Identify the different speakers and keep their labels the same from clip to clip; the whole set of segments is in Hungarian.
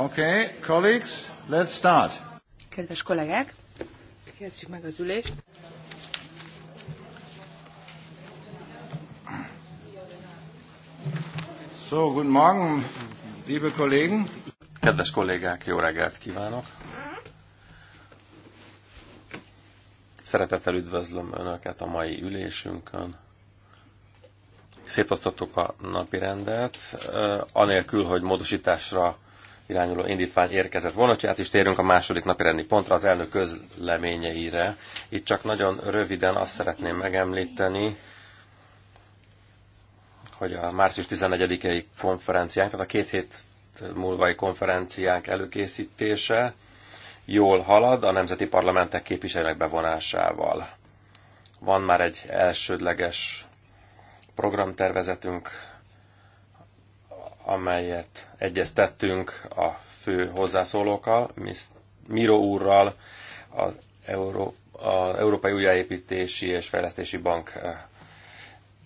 Speaker 1: Okay, colleagues, let's start. Kedves kollégák, kezdjük meg az ülést. So, good morning, liebe Kollegen.
Speaker 2: Kedves kollégák, jó reggelt kívánok. Szeretettel üdvözlöm Önöket a mai ülésünkön szétosztottuk a napi rendet, anélkül, hogy módosításra irányuló indítvány érkezett volna, hogy át is térünk a második napi rendi pontra, az elnök közleményeire. Itt csak nagyon röviden azt szeretném megemlíteni, hogy a március 14-i konferenciánk, tehát a két hét múlvai konferenciánk előkészítése jól halad a nemzeti parlamentek képviselők bevonásával. Van már egy elsődleges programtervezetünk, amelyet egyeztettünk a fő hozzászólókkal, Miro úrral, az, Euró, az Európai Újjáépítési és Fejlesztési Bank eh,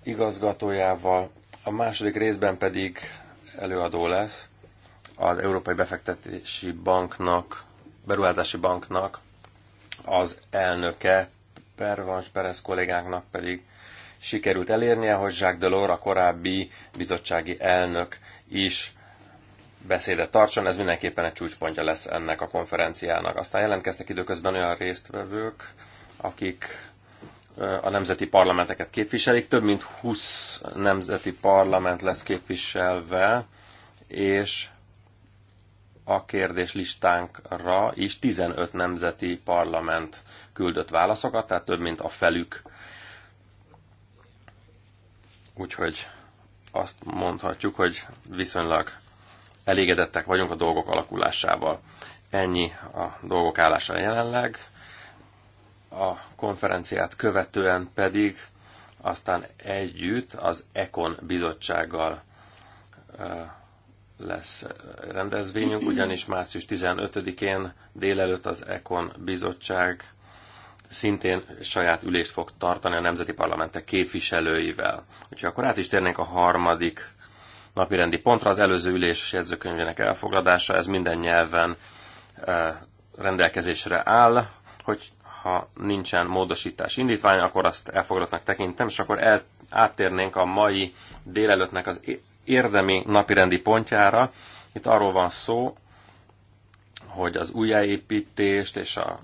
Speaker 2: igazgatójával, a második részben pedig előadó lesz az Európai Befektetési Banknak, Beruházási Banknak az elnöke, Pervans Perez kollégánknak pedig sikerült elérnie, hogy Jacques Delors, a korábbi bizottsági elnök is beszédet tartson, ez mindenképpen egy csúcspontja lesz ennek a konferenciának. Aztán jelentkeztek időközben olyan résztvevők, akik a nemzeti parlamenteket képviselik. Több mint 20 nemzeti parlament lesz képviselve, és a listánkra is 15 nemzeti parlament küldött válaszokat, tehát több mint a felük. Úgyhogy azt mondhatjuk, hogy viszonylag elégedettek vagyunk a dolgok alakulásával. Ennyi a dolgok állása jelenleg. A konferenciát követően pedig aztán együtt az Econ bizottsággal lesz rendezvényünk, ugyanis március 15-én délelőtt az Econ bizottság szintén saját ülést fog tartani a nemzeti parlamentek képviselőivel. Úgyhogy akkor át is térnénk a harmadik napirendi pontra, az előző ülés jegyzőkönyvének elfogadása, ez minden nyelven eh, rendelkezésre áll, hogy ha nincsen módosítás indítvány, akkor azt elfogadottnak tekintem, és akkor el, áttérnénk a mai délelőttnek az érdemi napirendi pontjára. Itt arról van szó, hogy az újjáépítést és a,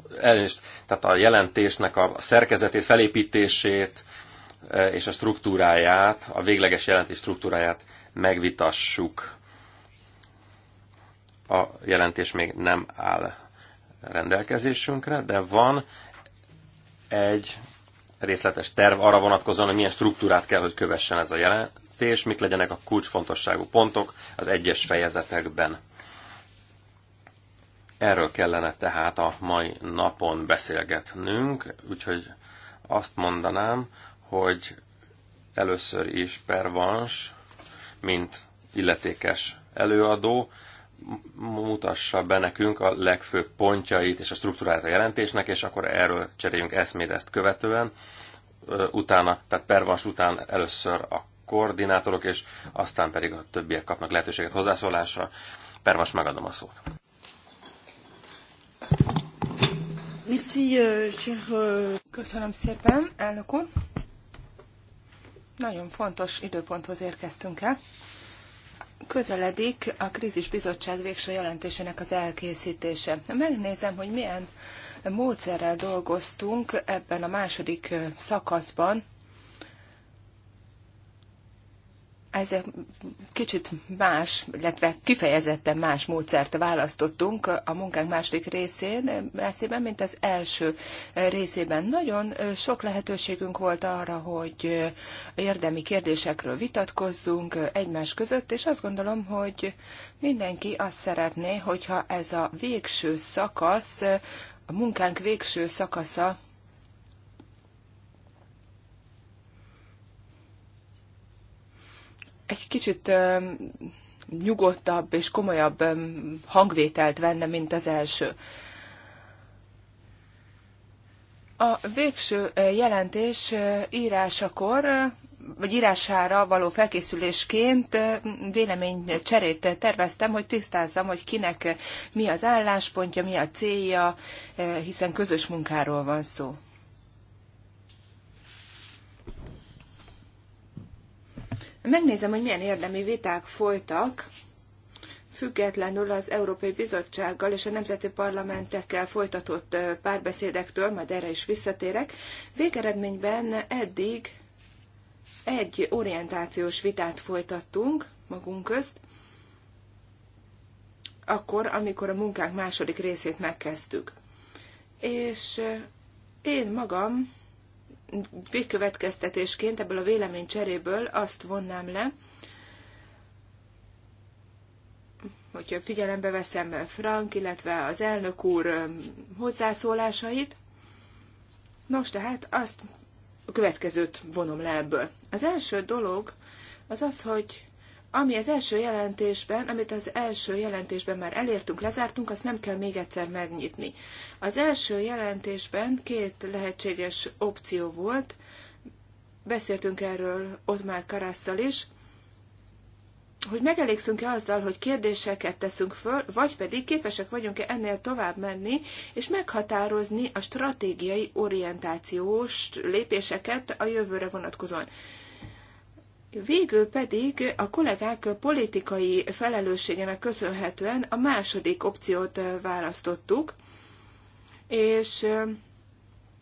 Speaker 2: tehát a jelentésnek a szerkezetét, felépítését e, és a struktúráját, a végleges jelentés struktúráját megvitassuk. A jelentés még nem áll rendelkezésünkre, de van egy részletes terv arra vonatkozóan, hogy milyen struktúrát kell, hogy kövessen ez a jelentés, mik legyenek a kulcsfontosságú pontok az egyes fejezetekben. Erről kellene tehát a mai napon beszélgetnünk, úgyhogy azt mondanám, hogy először is pervans, mint illetékes előadó, mutassa be nekünk a legfőbb pontjait és a struktúráját a jelentésnek, és akkor erről cseréljünk eszmét ezt követően. Utána, tehát pervans után először a koordinátorok, és aztán pedig a többiek kapnak lehetőséget hozzászólásra. Pervas, megadom a szót.
Speaker 3: Merci, euh, cher... Euh, Köszönöm szépen, elnök úr. Nagyon fontos időponthoz érkeztünk el. Közeledik a Krízis Bizottság végső jelentésének az elkészítése. Megnézem, hogy milyen módszerrel dolgoztunk ebben a második szakaszban, egy kicsit más, illetve kifejezetten más módszert választottunk a munkánk második részén, részében, mint az első részében. Nagyon sok lehetőségünk volt arra, hogy érdemi kérdésekről vitatkozzunk egymás között, és azt gondolom, hogy mindenki azt szeretné, hogyha ez a végső szakasz, a munkánk végső szakasza egy kicsit nyugodtabb és komolyabb hangvételt venne, mint az első. A végső jelentés írásakor, vagy írására való felkészülésként cserét terveztem, hogy tisztázzam, hogy kinek mi az álláspontja, mi a célja, hiszen közös munkáról van szó. megnézem, hogy milyen érdemi viták folytak, függetlenül az Európai Bizottsággal és a nemzeti parlamentekkel folytatott párbeszédektől, majd erre is visszatérek, végeredményben eddig egy orientációs vitát folytattunk magunk közt, akkor, amikor a munkánk második részét megkezdtük. És én magam végkövetkeztetésként ebből a véleménycseréből azt vonnám le, hogyha figyelembe veszem Frank, illetve az elnök úr hozzászólásait. Nos, tehát azt a következőt vonom le ebből. Az első dolog az az, hogy ami az első jelentésben, amit az első jelentésben már elértünk, lezártunk, azt nem kell még egyszer megnyitni. Az első jelentésben két lehetséges opció volt, beszéltünk erről ott már Karasszal is, hogy megelégszünk-e azzal, hogy kérdéseket teszünk föl, vagy pedig képesek vagyunk-e ennél tovább menni, és meghatározni a stratégiai orientációs lépéseket a jövőre vonatkozóan. Végül pedig a kollégák politikai felelősségének köszönhetően a második opciót választottuk, és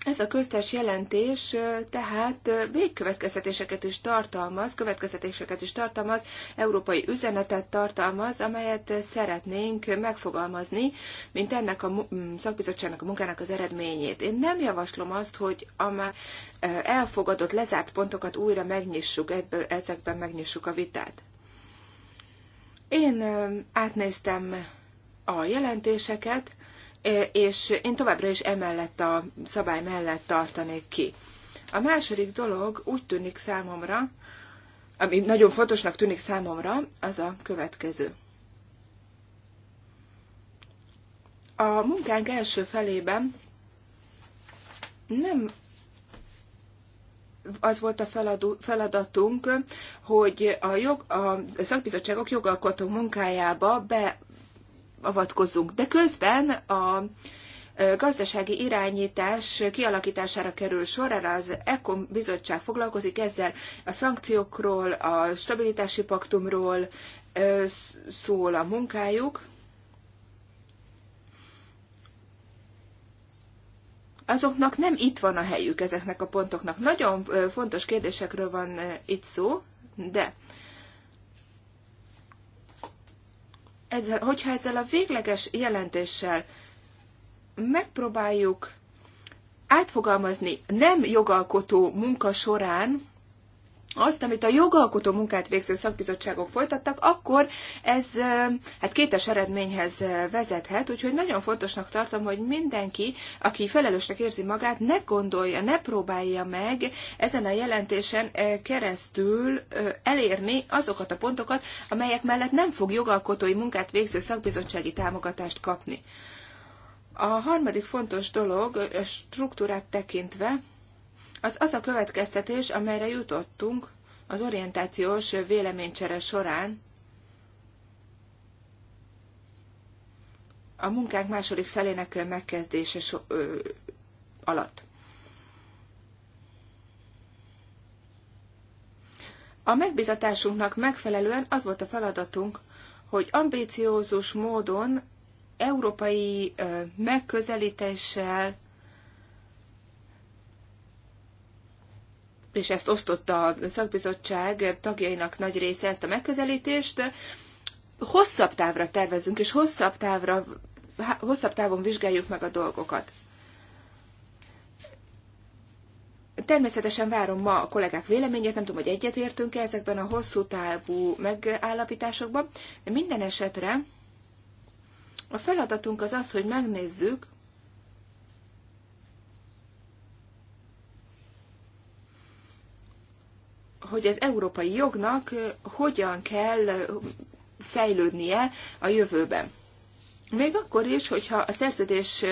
Speaker 3: ez a köztes jelentés tehát végkövetkeztetéseket is tartalmaz, következtetéseket is tartalmaz, európai üzenetet tartalmaz, amelyet szeretnénk megfogalmazni, mint ennek a szakbizottságnak a munkának az eredményét. Én nem javaslom azt, hogy a már elfogadott, lezárt pontokat újra megnyissuk, ebből, ezekben megnyissuk a vitát. Én átnéztem a jelentéseket, E, és én továbbra is emellett a szabály mellett tartanék ki. A második dolog úgy tűnik számomra, ami nagyon fontosnak tűnik számomra, az a következő. A munkánk első felében nem az volt a feladatunk, hogy a, jog, a szakbizottságok jogalkotó munkájába be avatkozzunk. De közben a gazdasági irányítás kialakítására kerül sor, erre az ECOM bizottság foglalkozik ezzel a szankciókról, a stabilitási paktumról szól a munkájuk. Azoknak nem itt van a helyük ezeknek a pontoknak. Nagyon fontos kérdésekről van itt szó, de ezzel, hogyha ezzel a végleges jelentéssel megpróbáljuk átfogalmazni nem jogalkotó munka során azt, amit a jogalkotó munkát végző szakbizottságok folytattak, akkor ez hát kétes eredményhez vezethet, úgyhogy nagyon fontosnak tartom, hogy mindenki, aki felelősnek érzi magát, ne gondolja, ne próbálja meg ezen a jelentésen keresztül elérni azokat a pontokat, amelyek mellett nem fog jogalkotói munkát végző szakbizottsági támogatást kapni. A harmadik fontos dolog, struktúrát tekintve, az az a következtetés, amelyre jutottunk az orientációs véleménycsere során, a munkánk második felének megkezdése so, ö, alatt. A megbizatásunknak megfelelően az volt a feladatunk, hogy ambíciózus módon, európai ö, megközelítéssel, és ezt osztotta a szakbizottság tagjainak nagy része ezt a megközelítést, hosszabb távra tervezünk, és hosszabb, távra, hosszabb távon vizsgáljuk meg a dolgokat. Természetesen várom ma a kollégák véleményét, nem tudom, hogy egyetértünk-e ezekben a hosszú távú megállapításokban, de minden esetre a feladatunk az az, hogy megnézzük, hogy az európai jognak hogyan kell fejlődnie a jövőben. Még akkor is, hogyha a szerződés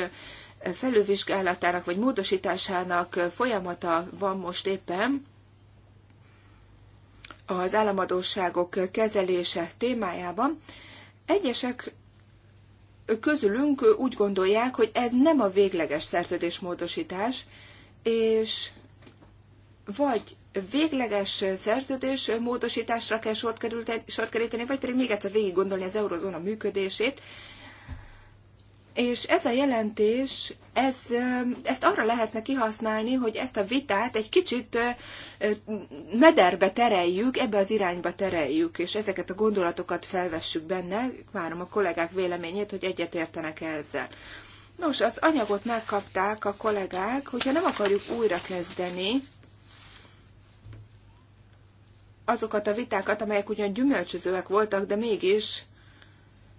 Speaker 3: felülvizsgálatának vagy módosításának folyamata van most éppen, az államadóságok kezelése témájában, egyesek közülünk úgy gondolják, hogy ez nem a végleges szerződésmódosítás, és vagy végleges szerződés módosításra kell sort, kerülteni, keríteni, vagy pedig még egyszer végig gondolni az eurozóna működését. És ez a jelentés, ez, um, ezt arra lehetne kihasználni, hogy ezt a vitát egy kicsit uh, uh, mederbe tereljük, ebbe az irányba tereljük, és ezeket a gondolatokat felvessük benne. Várom a kollégák véleményét, hogy egyetértenek -e ezzel. Nos, az anyagot megkapták a kollégák, hogyha nem akarjuk újrakezdeni, azokat a vitákat, amelyek ugyan gyümölcsözőek voltak, de mégis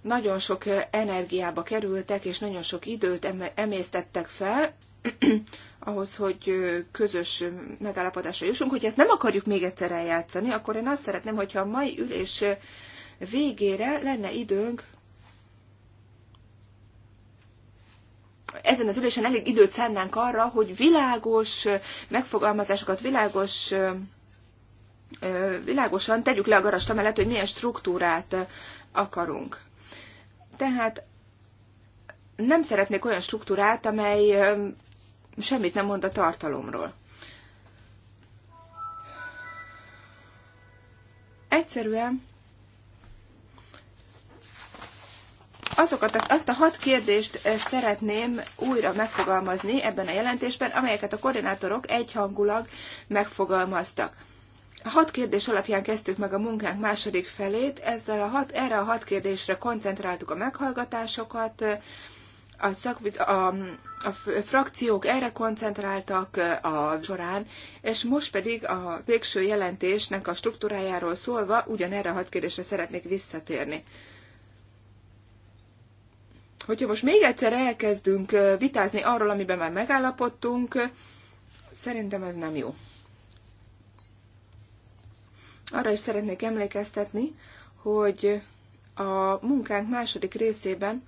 Speaker 3: nagyon sok energiába kerültek, és nagyon sok időt emésztettek fel, ahhoz, hogy közös megállapodásra jussunk. Hogyha ezt nem akarjuk még egyszer eljátszani, akkor én azt szeretném, hogyha a mai ülés végére lenne időnk ezen az ülésen elég időt szánnánk arra, hogy világos megfogalmazásokat, világos világosan tegyük le a garasta mellett, hogy milyen struktúrát akarunk. Tehát nem szeretnék olyan struktúrát, amely semmit nem mond a tartalomról. Egyszerűen azokat, azt a hat kérdést szeretném újra megfogalmazni ebben a jelentésben, amelyeket a koordinátorok egyhangulag megfogalmaztak. A Hat kérdés alapján kezdtük meg a munkánk második felét, ezzel a hat, erre a hat kérdésre koncentráltuk a meghallgatásokat, a, szakbiz, a, a frakciók erre koncentráltak a során, és most pedig a végső jelentésnek a struktúrájáról szólva ugyanerre a hat kérdésre szeretnék visszatérni. Hogyha most még egyszer elkezdünk vitázni arról, amiben már megállapodtunk, szerintem ez nem jó. Arra is szeretnék emlékeztetni, hogy a munkánk második részében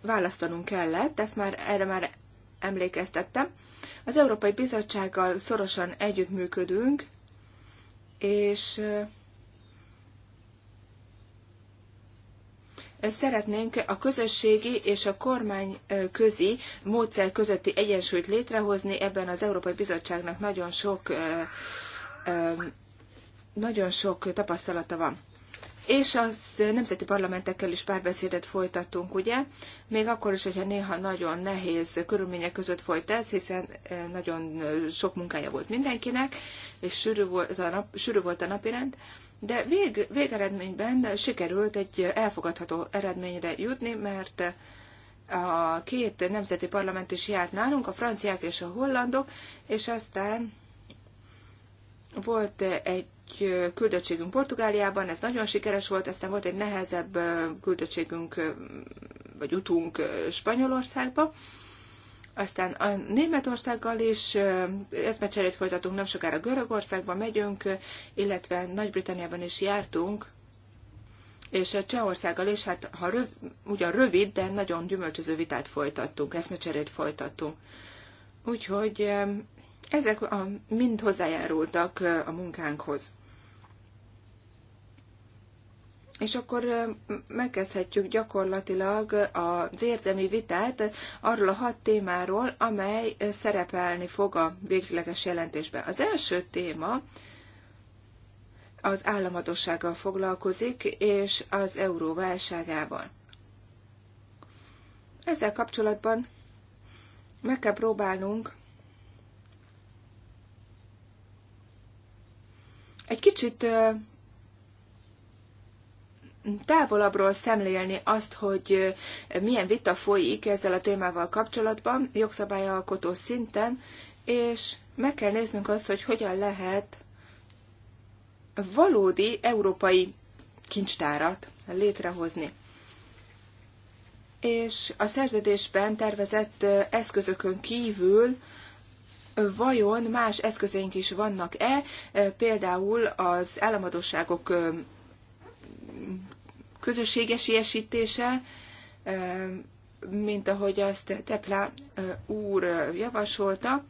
Speaker 3: választanunk kellett, ezt már erre már emlékeztettem. Az Európai Bizottsággal szorosan együttműködünk, és szeretnénk a közösségi és a kormányközi módszer közötti egyensúlyt létrehozni. Ebben az Európai Bizottságnak nagyon sok, nagyon sok tapasztalata van. És az nemzeti parlamentekkel is párbeszédet folytattunk, ugye? Még akkor is, hogyha néha nagyon nehéz körülmények között folyt ez, hiszen nagyon sok munkája volt mindenkinek, és sűrű volt a, nap, sűrű volt a napirend. rend de vég, végeredményben sikerült egy elfogadható eredményre jutni, mert a két nemzeti parlament is járt nálunk, a franciák és a hollandok, és aztán volt egy küldöttségünk Portugáliában, ez nagyon sikeres volt, aztán volt egy nehezebb küldöttségünk, vagy utunk Spanyolországba, aztán a Németországgal is eszmecserét folytatunk, nem sokára Görögországban megyünk, illetve Nagy-Britanniában is jártunk, és a Csehországgal is, hát ha röv, ugyan rövid, de nagyon gyümölcsöző vitát folytattunk, eszmecserét folytattunk. Úgyhogy ezek a, mind hozzájárultak a munkánkhoz és akkor megkezdhetjük gyakorlatilag az érdemi vitát arról a hat témáról, amely szerepelni fog a végleges jelentésben. Az első téma az államadossággal foglalkozik, és az euró válságával. Ezzel kapcsolatban meg kell próbálnunk egy kicsit távolabbról szemlélni azt, hogy milyen vita folyik ezzel a témával kapcsolatban, jogszabályalkotó szinten, és meg kell néznünk azt, hogy hogyan lehet valódi európai kincstárat létrehozni. És a szerződésben tervezett eszközökön kívül vajon más eszközeink is vannak-e, például az államadóságok ilyesítése, mint ahogy azt Teplá úr javasolta.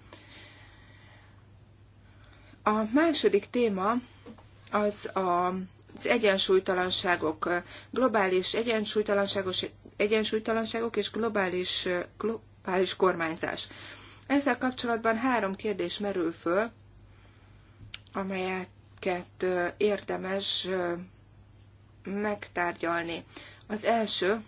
Speaker 3: A második téma az a az egyensúlytalanságok, globális egyensúlytalanságos, egyensúlytalanságok és globális, globális kormányzás. Ezzel kapcsolatban három kérdés merül föl, amelyeket érdemes megtárgyalni. Az első,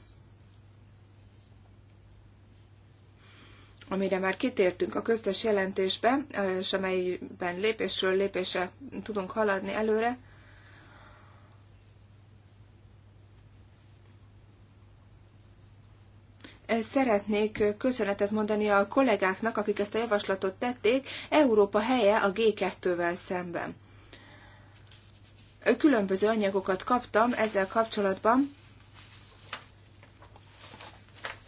Speaker 3: amire már kitértünk a köztes jelentésbe, és amelyben lépésről lépésre tudunk haladni előre, szeretnék köszönetet mondani a kollégáknak, akik ezt a javaslatot tették, Európa helye a G2-vel szemben különböző anyagokat kaptam ezzel kapcsolatban.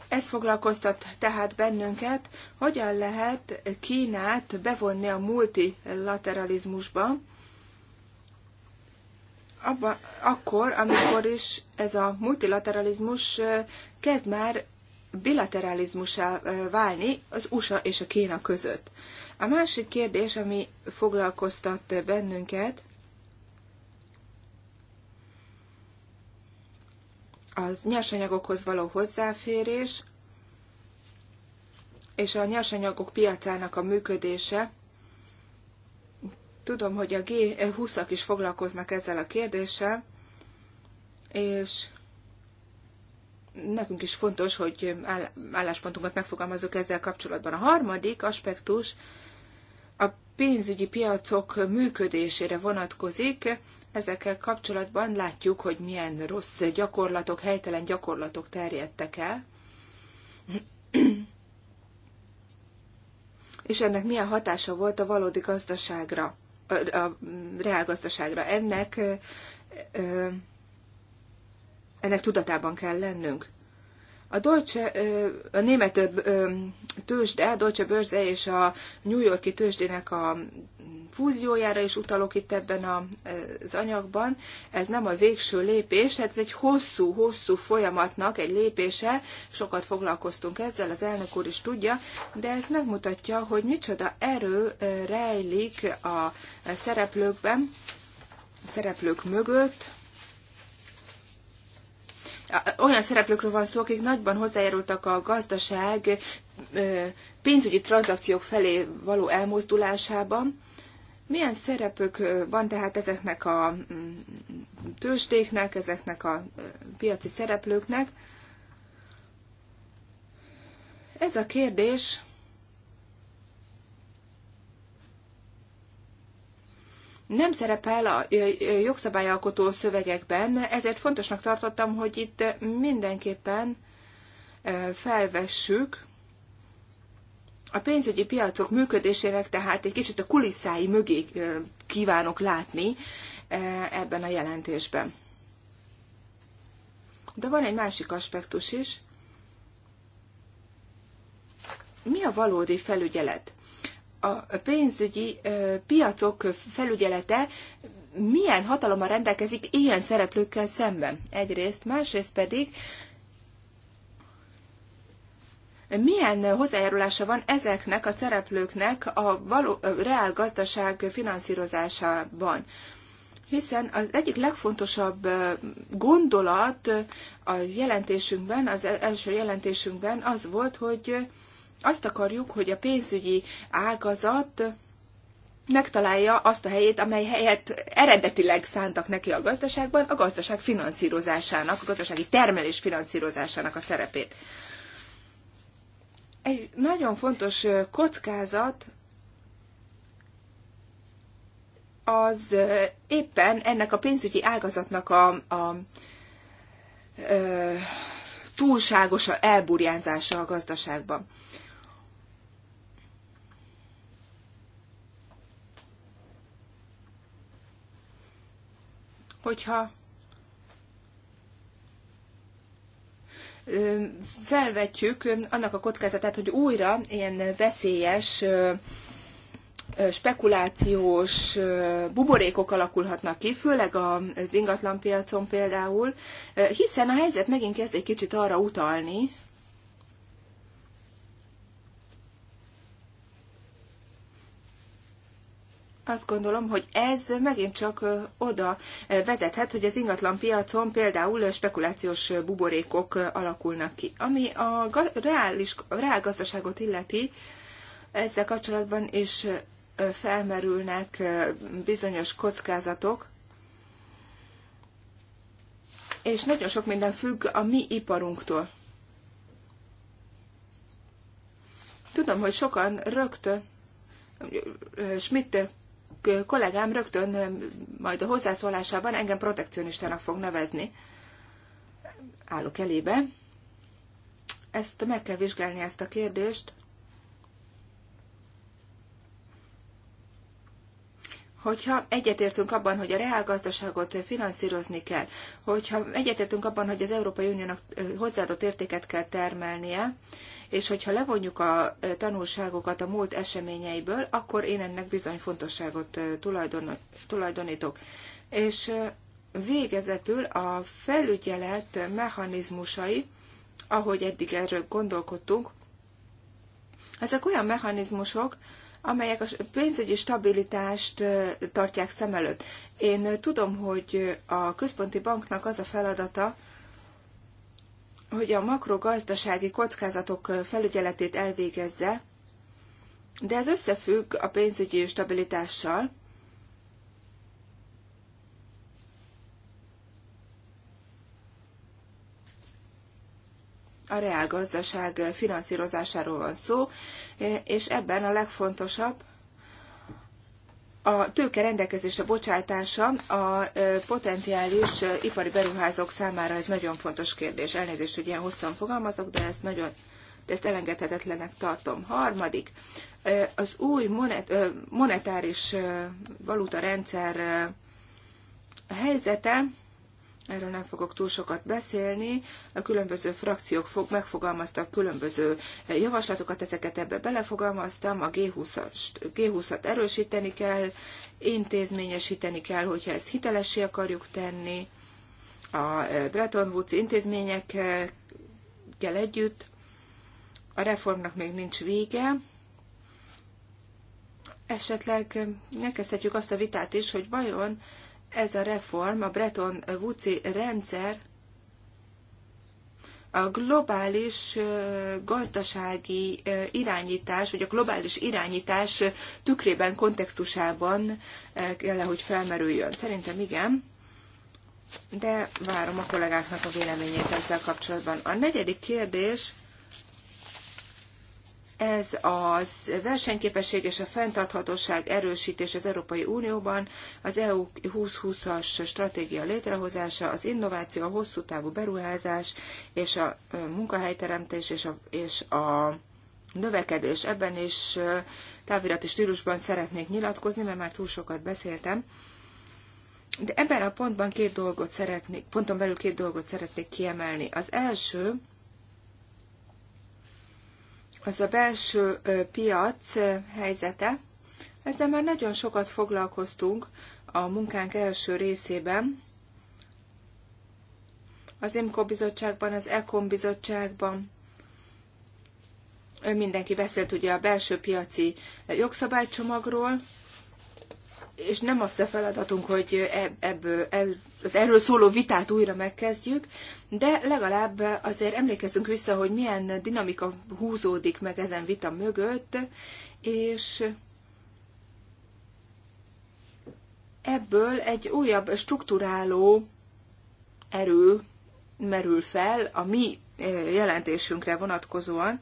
Speaker 3: Ez foglalkoztat tehát bennünket, hogyan lehet Kínát bevonni a multilateralizmusba, abba, akkor, amikor is ez a multilateralizmus kezd már bilateralizmusá válni az USA és a Kína között. A másik kérdés, ami foglalkoztat bennünket, az nyersanyagokhoz való hozzáférés és a nyersanyagok piacának a működése. Tudom, hogy a G20-ak eh, is foglalkoznak ezzel a kérdéssel, és nekünk is fontos, hogy álláspontunkat megfogalmazok ezzel kapcsolatban. A harmadik aspektus a pénzügyi piacok működésére vonatkozik. Ezekkel kapcsolatban látjuk, hogy milyen rossz gyakorlatok, helytelen gyakorlatok terjedtek el, és ennek milyen hatása volt a valódi gazdaságra, a reálgazdaságra. Ennek, ennek tudatában kell lennünk. A, Deutsche, a német tőzsde, a Deutsche Börse és a New Yorki tőzsdének a fúziójára is utalok itt ebben az anyagban. Ez nem a végső lépés, ez egy hosszú-hosszú folyamatnak egy lépése. Sokat foglalkoztunk ezzel, az elnök úr is tudja, de ez megmutatja, hogy micsoda erő rejlik a szereplőkben, a szereplők mögött, olyan szereplőkről van szó, akik nagyban hozzájárultak a gazdaság pénzügyi tranzakciók felé való elmozdulásában, milyen szerepük van tehát ezeknek a mm, tőstéknek, ezeknek a piaci szereplőknek? Ez a kérdés nem szerepel a jogszabályalkotó szövegekben, ezért fontosnak tartottam, hogy itt mindenképpen felvessük, a pénzügyi piacok működésének tehát egy kicsit a kulisszái mögé kívánok látni ebben a jelentésben. De van egy másik aspektus is. Mi a valódi felügyelet? A pénzügyi piacok felügyelete milyen hatalommal rendelkezik ilyen szereplőkkel szemben? Egyrészt, másrészt pedig milyen hozzájárulása van ezeknek a szereplőknek a való, a reál gazdaság finanszírozásában. Hiszen az egyik legfontosabb gondolat a jelentésünkben, az e-, első jelentésünkben az volt, hogy azt akarjuk, hogy a pénzügyi ágazat megtalálja azt a helyét, amely helyet eredetileg szántak neki a gazdaságban, a gazdaság finanszírozásának, a gazdasági termelés finanszírozásának a szerepét egy nagyon fontos kockázat az éppen ennek a pénzügyi ágazatnak a, a a túlságos elburjánzása a gazdaságban. Hogyha felvetjük annak a kockázatát, hogy újra ilyen veszélyes spekulációs buborékok alakulhatnak ki, főleg az ingatlanpiacon például, hiszen a helyzet megint kezd egy kicsit arra utalni, azt gondolom, hogy ez megint csak oda vezethet, hogy az ingatlan piacon például spekulációs buborékok alakulnak ki. Ami a reális, a reál gazdaságot illeti, ezzel kapcsolatban is felmerülnek bizonyos kockázatok, és nagyon sok minden függ a mi iparunktól. Tudom, hogy sokan rögtön Schmidt kollégám rögtön majd a hozzászólásában engem protekcionistának fog nevezni. Állok elébe. Ezt meg kell vizsgálni ezt a kérdést. hogyha egyetértünk abban, hogy a reálgazdaságot finanszírozni kell, hogyha egyetértünk abban, hogy az Európai Uniónak hozzáadott értéket kell termelnie, és hogyha levonjuk a tanulságokat a múlt eseményeiből, akkor én ennek bizony fontosságot tulajdonítok. És végezetül a felügyelet mechanizmusai, ahogy eddig erről gondolkodtunk, ezek olyan mechanizmusok, amelyek a pénzügyi stabilitást tartják szem előtt. Én tudom, hogy a központi banknak az a feladata, hogy a makrogazdasági kockázatok felügyeletét elvégezze, de ez összefügg a pénzügyi stabilitással, a reálgazdaság finanszírozásáról van szó, és ebben a legfontosabb, a tőke rendelkezésre bocsátása a potenciális ipari beruházók számára ez nagyon fontos kérdés. Elnézést, hogy ilyen hosszan fogalmazok, de ezt nagyon de ezt elengedhetetlenek tartom. Harmadik, az új monet, monetáris valuta rendszer helyzete erről nem fogok túl sokat beszélni. A különböző frakciók fog, megfogalmaztak különböző eh, javaslatokat, ezeket ebbe belefogalmaztam. A G20-at, g 20 erősíteni kell, intézményesíteni kell, hogyha ezt hitelessé akarjuk tenni. A eh, Bretton Woods intézményekkel együtt a reformnak még nincs vége, esetleg eh, megkezdhetjük azt a vitát is, hogy vajon ez a reform, a Bretton woods rendszer a globális gazdasági irányítás, vagy a globális irányítás tükrében, kontextusában kell hogy felmerüljön. Szerintem igen, de várom a kollégáknak a véleményét ezzel kapcsolatban. A negyedik kérdés ez az versenyképesség és a fenntarthatóság erősítés az Európai Unióban, az EU 2020-as stratégia létrehozása, az innováció, a hosszú távú beruházás és a munkahelyteremtés és a, és a növekedés. Ebben is távirati stílusban szeretnék nyilatkozni, mert már túl sokat beszéltem. De ebben a pontban két dolgot szeretnék, ponton belül két dolgot szeretnék kiemelni. Az első, az a belső piac helyzete. Ezzel már nagyon sokat foglalkoztunk a munkánk első részében, az IMCO bizottságban, az ECOM bizottságban. Mindenki beszélt ugye a belső piaci jogszabálycsomagról, és nem az a feladatunk, hogy e- ebből, az erről szóló vitát újra megkezdjük, de legalább azért emlékezzünk vissza, hogy milyen dinamika húzódik meg ezen vita mögött, és ebből egy újabb strukturáló erő merül fel a mi e, jelentésünkre vonatkozóan,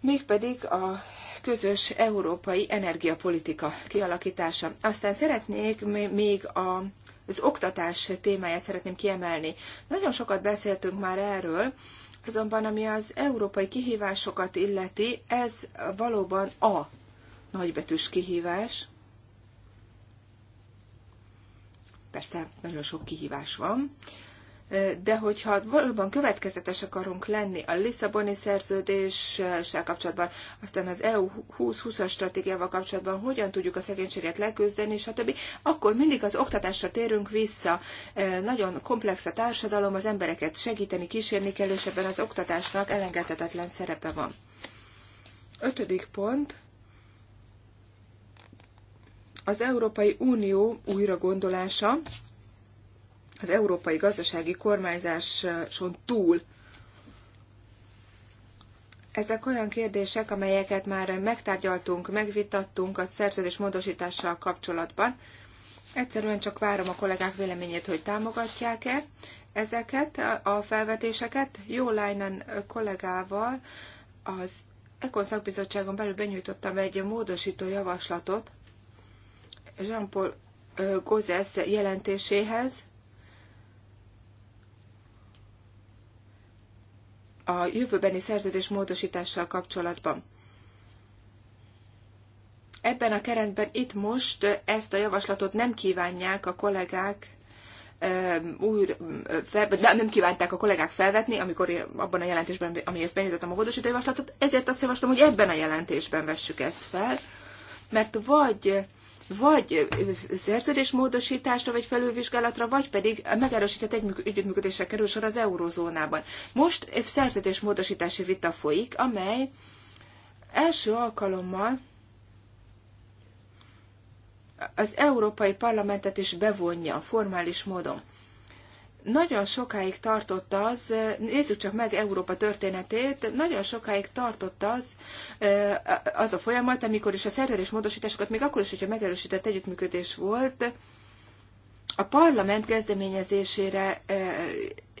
Speaker 3: mégpedig a közös európai energiapolitika kialakítása. Aztán szeretnék még a az oktatás témáját szeretném kiemelni. Nagyon sokat beszéltünk már erről, azonban ami az európai kihívásokat illeti, ez valóban a nagybetűs kihívás. Persze nagyon sok kihívás van, de hogyha valóban következetes akarunk lenni a Lisszaboni szerződéssel kapcsolatban, aztán az EU 2020-as stratégiával kapcsolatban, hogyan tudjuk a szegénységet leküzdeni, stb., akkor mindig az oktatásra térünk vissza. E, nagyon komplex a társadalom, az embereket segíteni, kísérni kell, és ebben az oktatásnak elengedhetetlen szerepe van. Ötödik pont. Az Európai Unió újragondolása az európai gazdasági kormányzáson túl. Ezek olyan kérdések, amelyeket már megtárgyaltunk, megvitattunk a szerződés módosítással kapcsolatban. Egyszerűen csak várom a kollégák véleményét, hogy támogatják-e ezeket a felvetéseket. Jó Lájnen kollégával az Ekon szakbizottságon belül benyújtottam egy módosító javaslatot Jean-Paul Gozes jelentéséhez, a jövőbeni szerződés módosítással kapcsolatban. Ebben a keretben itt most ezt a javaslatot nem kívánják a kollégák újra, fel, de nem kívánták a kollégák felvetni, amikor abban a jelentésben, amihez benyújtottam a módosító javaslatot, ezért azt javaslom, hogy ebben a jelentésben vessük ezt fel, mert vagy vagy szerződésmódosításra, vagy felülvizsgálatra, vagy pedig megerősített együttműködésre kerül sor az eurozónában. Most egy szerződésmódosítási vita folyik, amely első alkalommal az Európai Parlamentet is bevonja formális módon nagyon sokáig tartott az, nézzük csak meg Európa történetét, nagyon sokáig tartott az, az a folyamat, amikor is a szerződés módosításokat, még akkor is, hogyha megerősített együttműködés volt, a parlament kezdeményezésére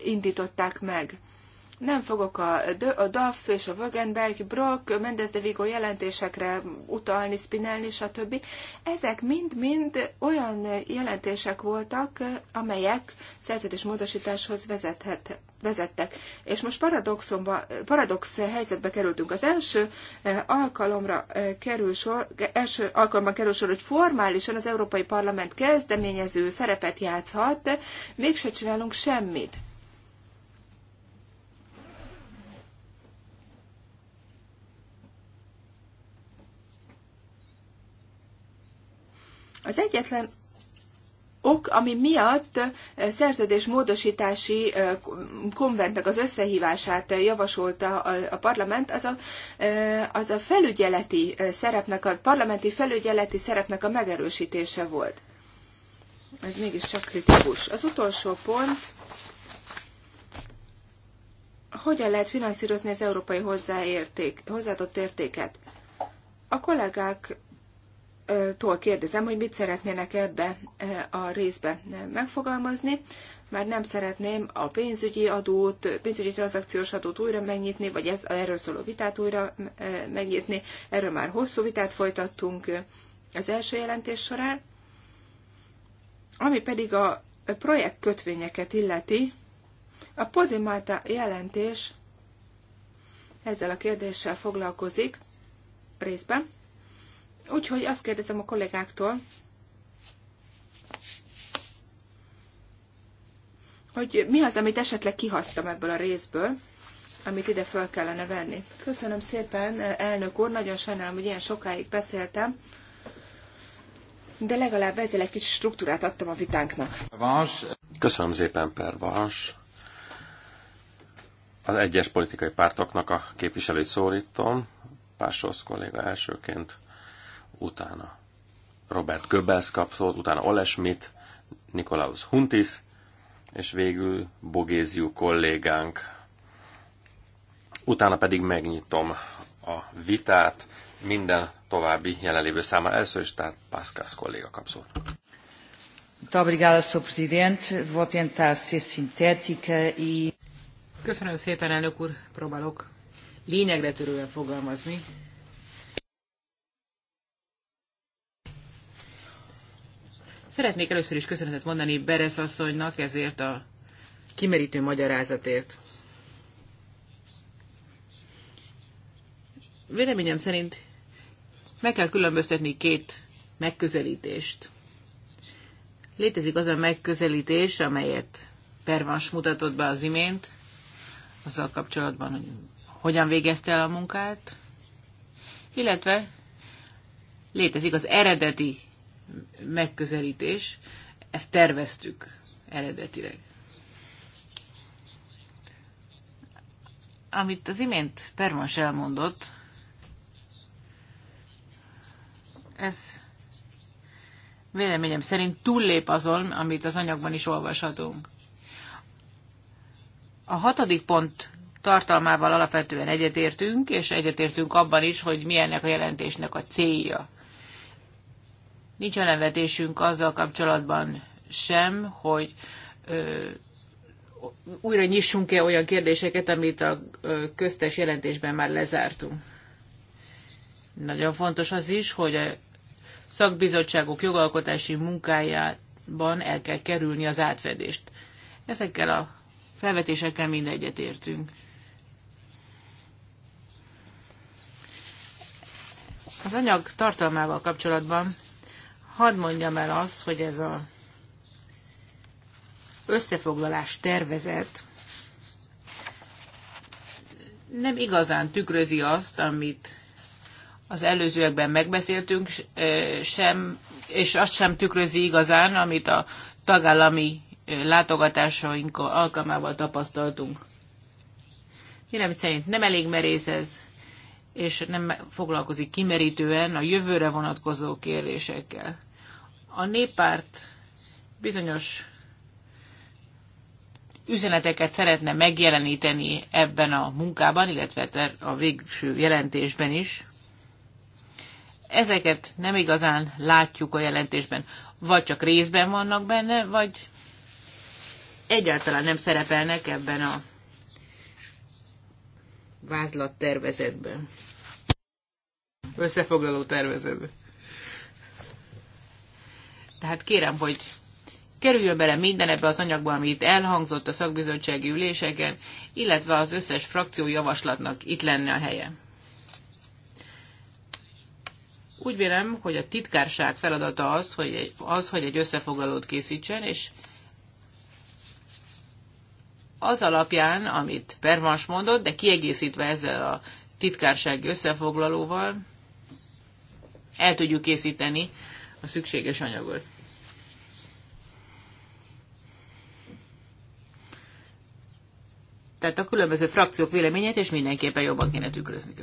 Speaker 3: indították meg. Nem fogok a, a DAF és a Wögenberg, Brock, Mendez de Vigo jelentésekre utalni, spinelni, stb. Ezek mind-mind olyan jelentések voltak, amelyek szerződésmódosításhoz vezethet, vezettek. És most paradoxonba, paradox helyzetbe kerültünk. Az első e, alkalomra e, kerül sor, e, első alkalomban kerül sor, hogy formálisan az Európai Parlament kezdeményező szerepet játszhat, mégse csinálunk semmit. Az egyetlen ok, ami miatt szerződés módosítási konventnek az összehívását javasolta a parlament, az a, az a felügyeleti szerepnek, a parlamenti felügyeleti szerepnek a megerősítése volt. Ez mégiscsak kritikus. Az utolsó pont, hogyan lehet finanszírozni az európai hozzáérték, hozzáadott értéket? A kollégák tól kérdezem, hogy mit szeretnének ebbe e, a részbe megfogalmazni. mert nem szeretném a pénzügyi adót, pénzügyi tranzakciós adót újra megnyitni, vagy ez, erről szóló vitát újra e, megnyitni. Erről már hosszú vitát folytattunk az első jelentés során. Ami pedig a projektkötvényeket illeti, a Podimata jelentés ezzel a kérdéssel foglalkozik részben. Úgyhogy azt kérdezem a kollégáktól, hogy mi az, amit esetleg kihagytam ebből a részből, amit ide föl kellene venni. Köszönöm szépen, elnök úr, nagyon sajnálom, hogy ilyen sokáig beszéltem, de legalább ezzel egy kis struktúrát adtam a vitánknak.
Speaker 2: Köszönöm szépen, Pervas. Az egyes politikai pártoknak a képviselőt szólítom, Pásos kolléga elsőként utána Robert Goebbels kapszolt, utána Ole Schmidt, Nikolaus Huntis, és végül Bogéziu kollégánk. Utána pedig megnyitom a vitát minden további jelenlévő számára. Először is, tehát Pascas kolléga kapszolt.
Speaker 1: E- Köszönöm szépen, elnök úr, próbálok lényegre törően fogalmazni. Szeretnék először is köszönetet mondani Beresz asszonynak ezért a kimerítő magyarázatért. Véleményem szerint meg kell különböztetni két megközelítést. Létezik az a megközelítés, amelyet Pervans mutatott be az imént, azzal kapcsolatban, hogy hogyan végezte el a munkát, illetve létezik az eredeti megközelítés, ezt terveztük eredetileg. Amit az imént Permans elmondott, ez véleményem szerint túllép azon, amit az anyagban is olvashatunk. A hatodik pont tartalmával alapvetően egyetértünk, és egyetértünk abban is, hogy milyennek a jelentésnek a célja. Nincs ellenvetésünk azzal kapcsolatban sem, hogy ö, újra nyissunk-e olyan kérdéseket, amit a köztes jelentésben már lezártunk. Nagyon fontos az is, hogy a szakbizottságok jogalkotási munkájában el kell kerülni az átfedést. Ezekkel a felvetésekkel mind egyetértünk. Az anyag tartalmával kapcsolatban Hadd mondjam el azt, hogy ez a összefoglalás tervezet nem igazán tükrözi azt, amit az előzőekben megbeszéltünk, sem, és azt sem tükrözi igazán, amit a tagállami látogatásaink alkalmával tapasztaltunk. Vélemény szerint nem elég merész ez, és nem foglalkozik kimerítően a jövőre vonatkozó kérdésekkel. A néppárt bizonyos üzeneteket szeretne megjeleníteni ebben a munkában, illetve hát er- a végső jelentésben is. Ezeket nem igazán látjuk a jelentésben, vagy csak részben vannak benne, vagy egyáltalán nem szerepelnek ebben a vázlattervezetben. Összefoglaló tervezetben. Tehát kérem, hogy kerüljön bele minden ebbe az anyagba, amit elhangzott a szakbizottsági üléseken, illetve az összes frakció javaslatnak itt lenne a helye. Úgy vélem, hogy a titkárság feladata az, hogy egy, az, hogy egy összefoglalót készítsen, és az alapján, amit Pervans mondott, de kiegészítve ezzel a titkársági összefoglalóval, el tudjuk készíteni a szükséges anyagot. tehát a különböző frakciók véleményét, és mindenképpen jobban kéne tükrözni.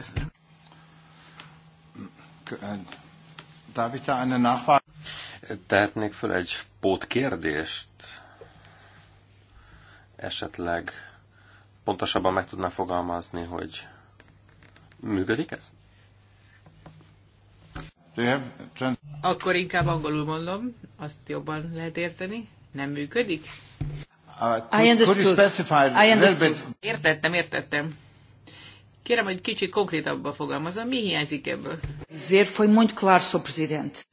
Speaker 2: Köszönöm. Darf eine Nachfrage? Tehetnék föl egy pótkérdést? Esetleg pontosabban meg tudná fogalmazni, hogy működik ez?
Speaker 1: Akkor inkább angolul mondom, azt jobban lehet érteni. Nem működik? Uh, could, I understood. Could I understood. Értettem, értettem. Kérem, hogy kicsit konkrétabban fogalmazom, mi hiányzik ebből? Ezért foi muito claro, Sr. President.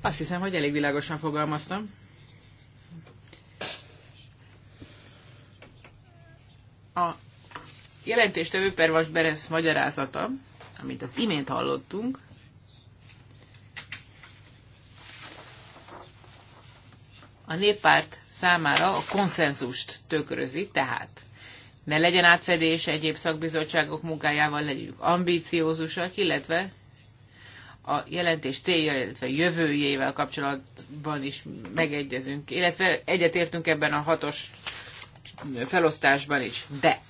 Speaker 1: Azt hiszem, hogy elég világosan fogalmaztam. A jelentéstevő Pervas Beresz magyarázata, amit az imént hallottunk, a néppárt számára a konszenzust tükrözi, tehát ne legyen átfedés egyéb szakbizottságok munkájával, legyünk ambíciózusak, illetve a jelentés célja, illetve jövőjével kapcsolatban is megegyezünk, illetve egyetértünk ebben a hatos felosztásban is. De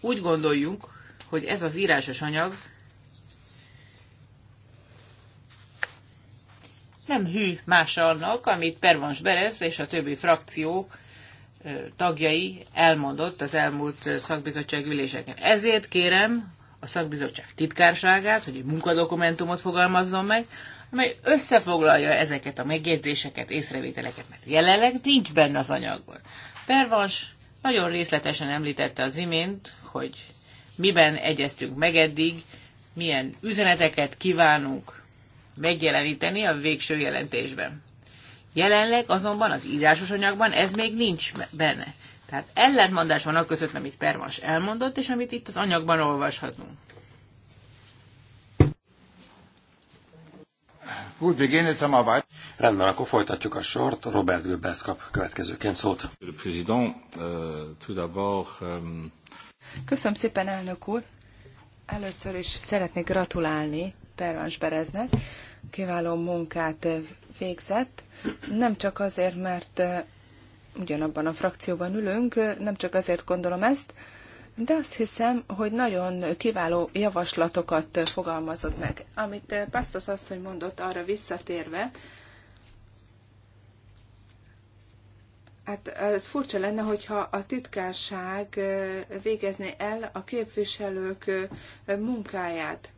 Speaker 1: úgy gondoljuk, hogy ez az írásos anyag nem hű más annak, amit Pervans Berez és a többi frakció tagjai elmondott az elmúlt szakbizottság üléseken. Ezért kérem a szakbizottság titkárságát, hogy egy munkadokumentumot fogalmazzon meg, amely összefoglalja ezeket a megjegyzéseket, észrevételeket, mert jelenleg nincs benne az anyagban. Pervans nagyon részletesen említette az imént, hogy miben egyeztünk meg eddig, milyen üzeneteket kívánunk megjeleníteni a végső jelentésben. Jelenleg azonban az írásos anyagban ez még nincs benne. Tehát ellentmondás van a között, amit Permas elmondott, és amit itt az anyagban olvashatunk.
Speaker 2: Rendben, akkor folytatjuk a sort. Robert Goebbels kap következőként szót. Euh, euh,
Speaker 3: Köszönöm szépen, elnök úr. Először is szeretnék gratulálni Pervans Bereznek kiváló munkát végzett, nem csak azért, mert ugyanabban a frakcióban ülünk, nem csak azért gondolom ezt, de azt hiszem, hogy nagyon kiváló javaslatokat fogalmazott meg. Amit Pásztos asszony mondott arra visszatérve, Hát ez furcsa lenne, hogyha a titkárság végezné el a képviselők munkáját.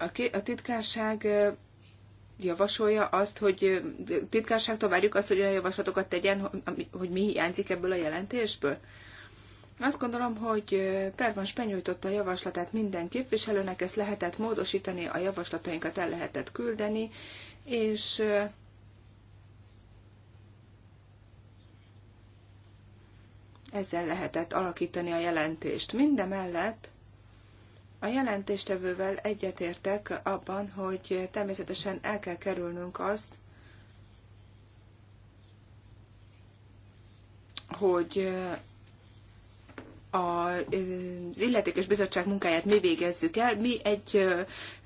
Speaker 3: A, ki, a titkárság javasolja azt, hogy titkárságtól várjuk azt, hogy olyan javaslatokat tegyen, hogy mi hiányzik ebből a jelentésből. Azt gondolom, hogy Pervans benyújtotta a javaslatát minden képviselőnek, ezt lehetett módosítani, a javaslatainkat el lehetett küldeni, és ezzel lehetett alakítani a jelentést. Mindemellett a jelentéstevővel egyetértek abban, hogy természetesen el kell kerülnünk azt, hogy eh, az illetékes bizottság munkáját mi végezzük el. Mi egy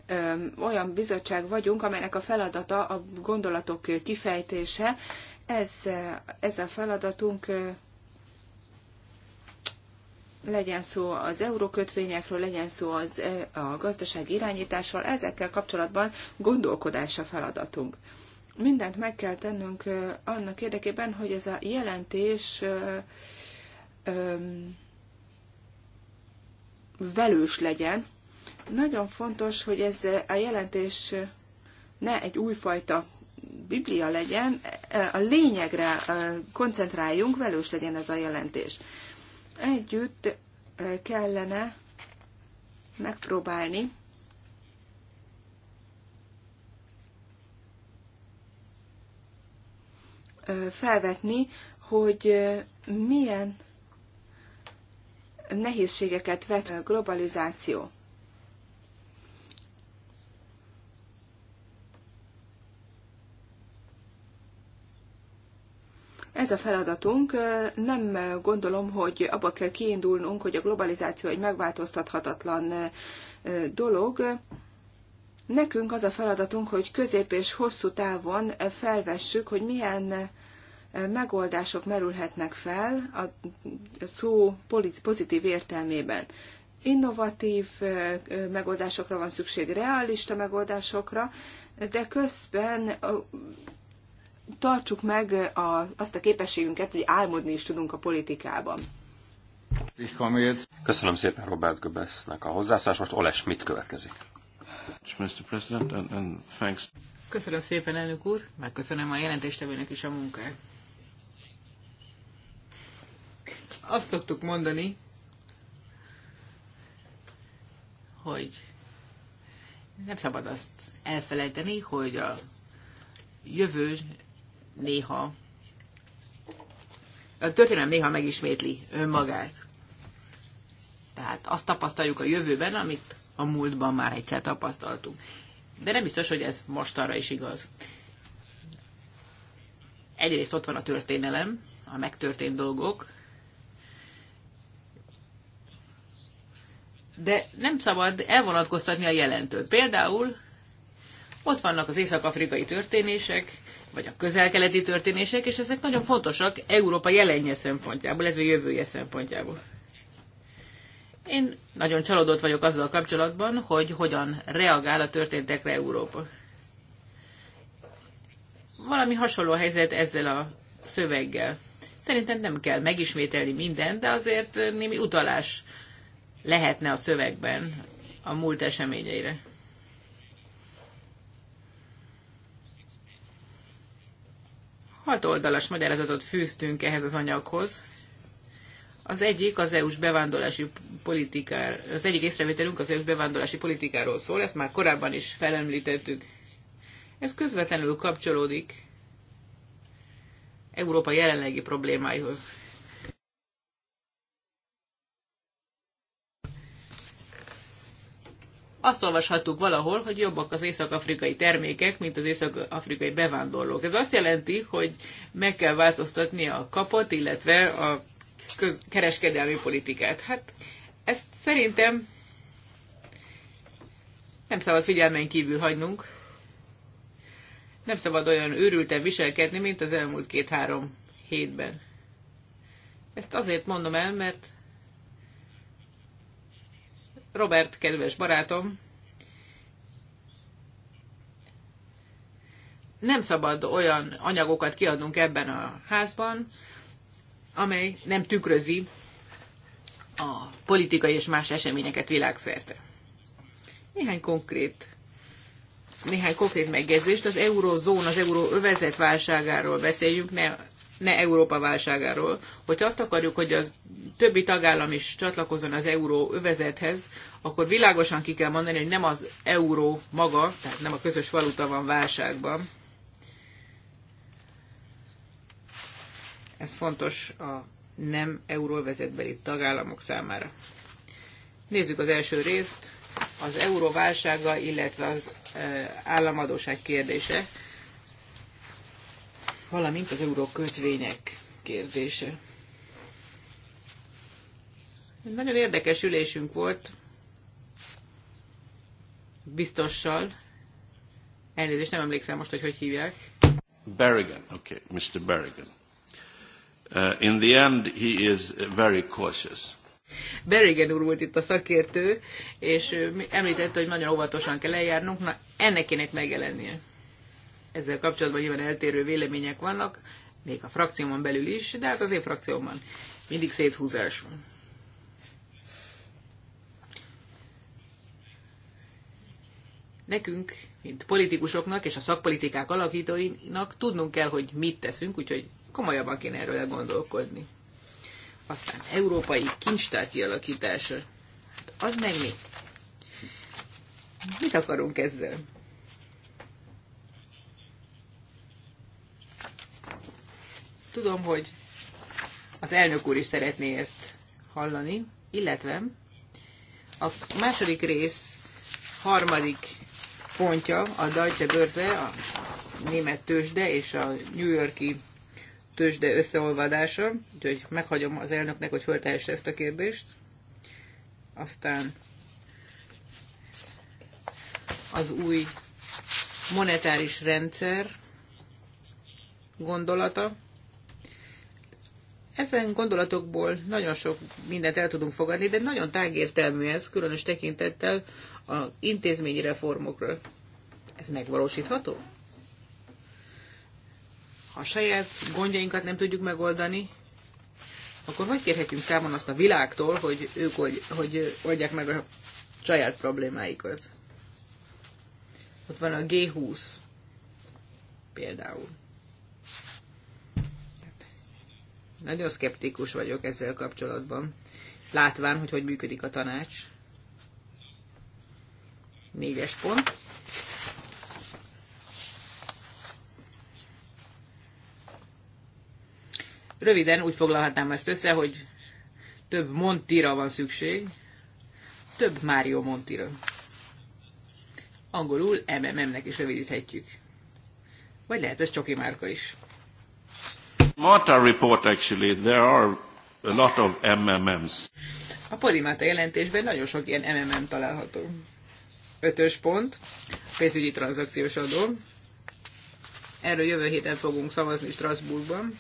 Speaker 3: eh, olyan bizottság vagyunk, amelynek a feladata a gondolatok kifejtése. Ez, eh, ez a feladatunk legyen szó az eurókötvényekről, legyen szó az, e, a gazdasági irányításról, ezekkel kapcsolatban gondolkodás a feladatunk. Mindent meg kell tennünk e, annak érdekében, hogy ez a jelentés e, velős legyen. Nagyon fontos, hogy ez a jelentés ne egy újfajta biblia legyen, a lényegre koncentráljunk, velős legyen ez a jelentés. Együtt kellene megpróbálni felvetni, hogy milyen nehézségeket vet a globalizáció. Ez a feladatunk. Nem gondolom, hogy abba kell kiindulnunk, hogy a globalizáció egy megváltoztathatatlan dolog. Nekünk az a feladatunk, hogy közép és hosszú távon felvessük, hogy milyen megoldások merülhetnek fel a szó pozitív értelmében. Innovatív megoldásokra van szükség, realista megoldásokra, de közben tartsuk meg a, azt a képességünket, hogy álmodni is tudunk a politikában.
Speaker 2: Köszönöm szépen Robert Göbesznek a hozzászólás. Most Oles mit következik?
Speaker 1: Köszönöm szépen, elnök úr, megköszönöm a jelentéstevőnek is a munkát. Azt szoktuk mondani, hogy nem szabad azt elfelejteni, hogy a jövő néha a történelem néha megismétli önmagát. Tehát azt tapasztaljuk a jövőben, amit a múltban már egyszer tapasztaltunk. De nem biztos, hogy ez mostanra is igaz. Egyrészt ott van a történelem, a megtörtént dolgok, de nem szabad elvonatkoztatni a jelentől. Például ott vannak az észak-afrikai történések, vagy a közelkeleti történések, és ezek nagyon fontosak Európa jelenje szempontjából, illetve jövője szempontjából. Én nagyon csalódott vagyok azzal kapcsolatban, hogy hogyan reagál a történtekre Európa. Valami hasonló a helyzet ezzel a szöveggel. Szerintem nem kell megismételni mindent, de azért némi utalás lehetne a szövegben a múlt eseményeire. Hat oldalas magyarázatot fűztünk ehhez az anyaghoz. Az egyik az EU-s bevándorlási politikáról, az egyik észrevételünk az EU-s bevándorlási politikáról szól, ezt már korábban is felemlítettük. Ez közvetlenül kapcsolódik Európa jelenlegi problémáihoz. azt olvashattuk valahol, hogy jobbak az észak-afrikai termékek, mint az észak-afrikai bevándorlók. Ez azt jelenti, hogy meg kell változtatni a kapot, illetve a köz- kereskedelmi politikát. Hát ezt szerintem nem szabad figyelmen kívül hagynunk. Nem szabad olyan őrülten viselkedni, mint az elmúlt két-három hétben. Ezt azért mondom el, mert Robert, kedves barátom, nem szabad olyan anyagokat kiadnunk ebben a házban, amely nem tükrözi a politikai és más eseményeket világszerte. Néhány konkrét néhány konkrét megjegyzést. Az eurozóna, az euróövezet válságáról beszéljünk, ne ne Európa válságáról. Hogyha azt akarjuk, hogy a többi tagállam is csatlakozzon az euró övezethez, akkor világosan ki kell mondani, hogy nem az euró maga, tehát nem a közös valuta van válságban. Ez fontos a nem euróvezetbeli tagállamok számára. Nézzük az első részt, az euró válsága, illetve az eh, államadóság kérdése valamint az eurókötvények kérdése. Nagyon érdekes ülésünk volt biztossal. Elnézést, nem emlékszem most, hogy hogy hívják.
Speaker 3: Berrigan, okay, Mr. Berrigan. Uh, in the end, he is very cautious.
Speaker 1: Berrigan úr volt itt a szakértő, és említette, hogy nagyon óvatosan kell eljárnunk, na ennek kéne itt megjelennie. Ezzel kapcsolatban nyilván eltérő vélemények vannak, még a frakciómon belül is, de hát az én frakciómban mindig széthúzás van. Nekünk, mint politikusoknak és a szakpolitikák alakítóinak tudnunk kell, hogy mit teszünk, úgyhogy komolyabban kéne erről elgondolkodni. Aztán európai kincstár kialakítása. Hát az meg mi? Mit akarunk ezzel? Tudom, hogy az elnök úr is szeretné ezt hallani, illetve a második rész harmadik pontja a Deutsche Börse, a német tőzsde és a New Yorki tőzsde összeolvadása, úgyhogy meghagyom az elnöknek, hogy föltehesse ezt a kérdést. Aztán az új monetáris rendszer gondolata, ezen gondolatokból nagyon sok mindent el tudunk fogadni, de nagyon tágértelmű ez, különös tekintettel az intézményi reformokra. Ez megvalósítható? Ha a saját gondjainkat nem tudjuk megoldani, akkor hogy kérhetjünk számon azt a világtól, hogy ők hogy, hogy oldják meg a saját problémáikat? Ott van a G20 például. Nagyon szkeptikus vagyok ezzel kapcsolatban, látván, hogy hogy működik a tanács. Négyes pont. Röviden úgy foglalhatnám ezt össze, hogy több Montira van szükség, több Mário Montira. Angolul MMM-nek is rövidíthetjük. Vagy lehet ez csoki márka is.
Speaker 2: Mata report actually, there are a lot of MMMs.
Speaker 1: A Polimata jelentésben nagyon sok ilyen MMM található. Ötös pont, pénzügyi tranzakciós adó. Erről jövő héten fogunk szavazni Strasbourgban.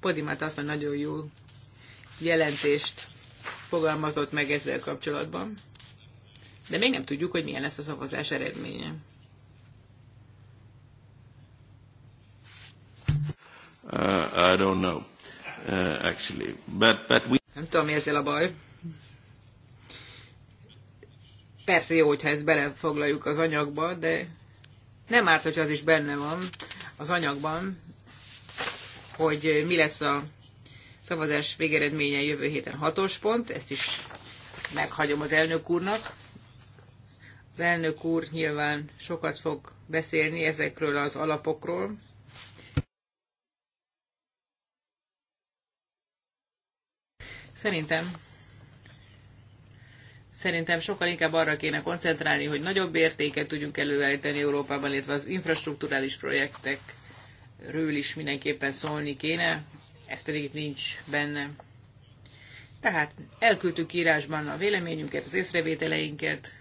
Speaker 1: Podimát azt a nagyon jó jelentést fogalmazott meg ezzel kapcsolatban. De még nem tudjuk, hogy milyen lesz a szavazás eredménye.
Speaker 2: Uh, I don't know, uh, actually. But, but we...
Speaker 1: Nem tudom, mi ezzel a baj. Persze jó, hogyha ezt belefoglaljuk az anyagba, de nem árt, hogyha az is benne van az anyagban, hogy mi lesz a szavazás végeredménye jövő héten hatos pont, ezt is meghagyom az elnök úrnak. Az elnök úr nyilván sokat fog beszélni ezekről az alapokról, Szerintem Szerintem sokkal inkább arra kéne koncentrálni, hogy nagyobb értéket tudjunk előállítani Európában, illetve az infrastruktúrális projektekről is mindenképpen szólni kéne, ez pedig itt nincs benne. Tehát elküldtük írásban a véleményünket, az észrevételeinket,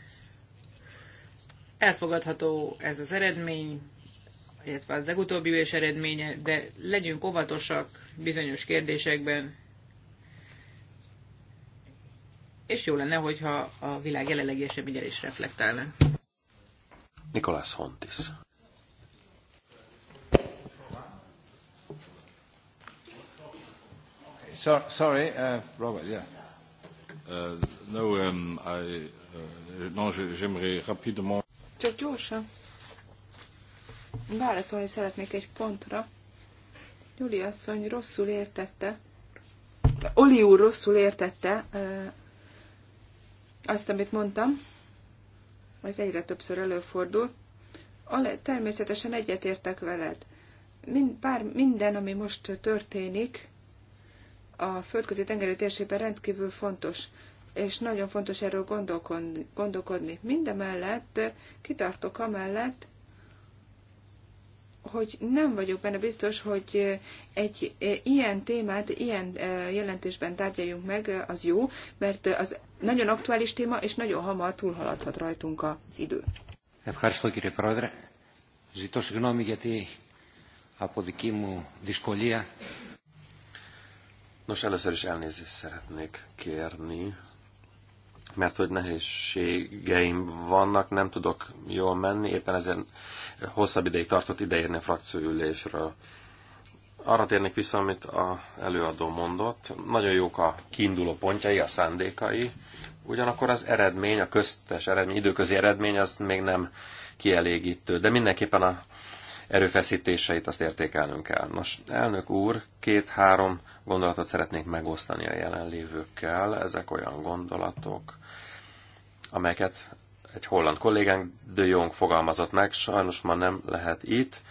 Speaker 1: elfogadható ez az eredmény, illetve az legutóbbi ülés eredménye, de legyünk óvatosak bizonyos kérdésekben, és jó lenne, hogyha a világ jelenlegi eseményel is reflektálna.
Speaker 2: Nikolász Hontis.
Speaker 1: So, sorry, uh, Robert, yeah. Uh, no, um, I, uh, non, j'aimerais rapidement... Csak gyorsan. Válaszolni
Speaker 3: szeretnék egy pontra. Julia asszony rosszul értette, Oli úr rosszul értette uh, azt, amit mondtam, ez egyre többször előfordul, természetesen egyetértek veled. Mind, bár minden, ami most történik, a földközi tengeri térségben rendkívül fontos, és nagyon fontos erről gondolkodni. gondolkodni. Mindemellett kitartok amellett, hogy nem vagyok benne biztos, hogy egy e, ilyen témát, ilyen e, jelentésben tárgyaljunk meg, az jó, mert az nagyon aktuális téma, és nagyon hamar túlhaladhat rajtunk az idő.
Speaker 2: Nos, először is elnézést szeretnék kérni, mert hogy nehézségeim vannak, nem tudok jól menni, éppen ezen hosszabb ideig tartott ideérni a frakcióülésről. Arra térnék vissza, amit a előadó mondott. Nagyon jók a kiinduló pontjai, a szándékai ugyanakkor az eredmény, a köztes eredmény, időközi eredmény az még nem kielégítő, de mindenképpen a erőfeszítéseit azt értékelnünk kell. Nos, elnök úr, két-három gondolatot szeretnék megosztani a jelenlévőkkel. Ezek olyan gondolatok, amelyeket egy holland kollégánk De Jong fogalmazott meg, sajnos ma nem lehet itt,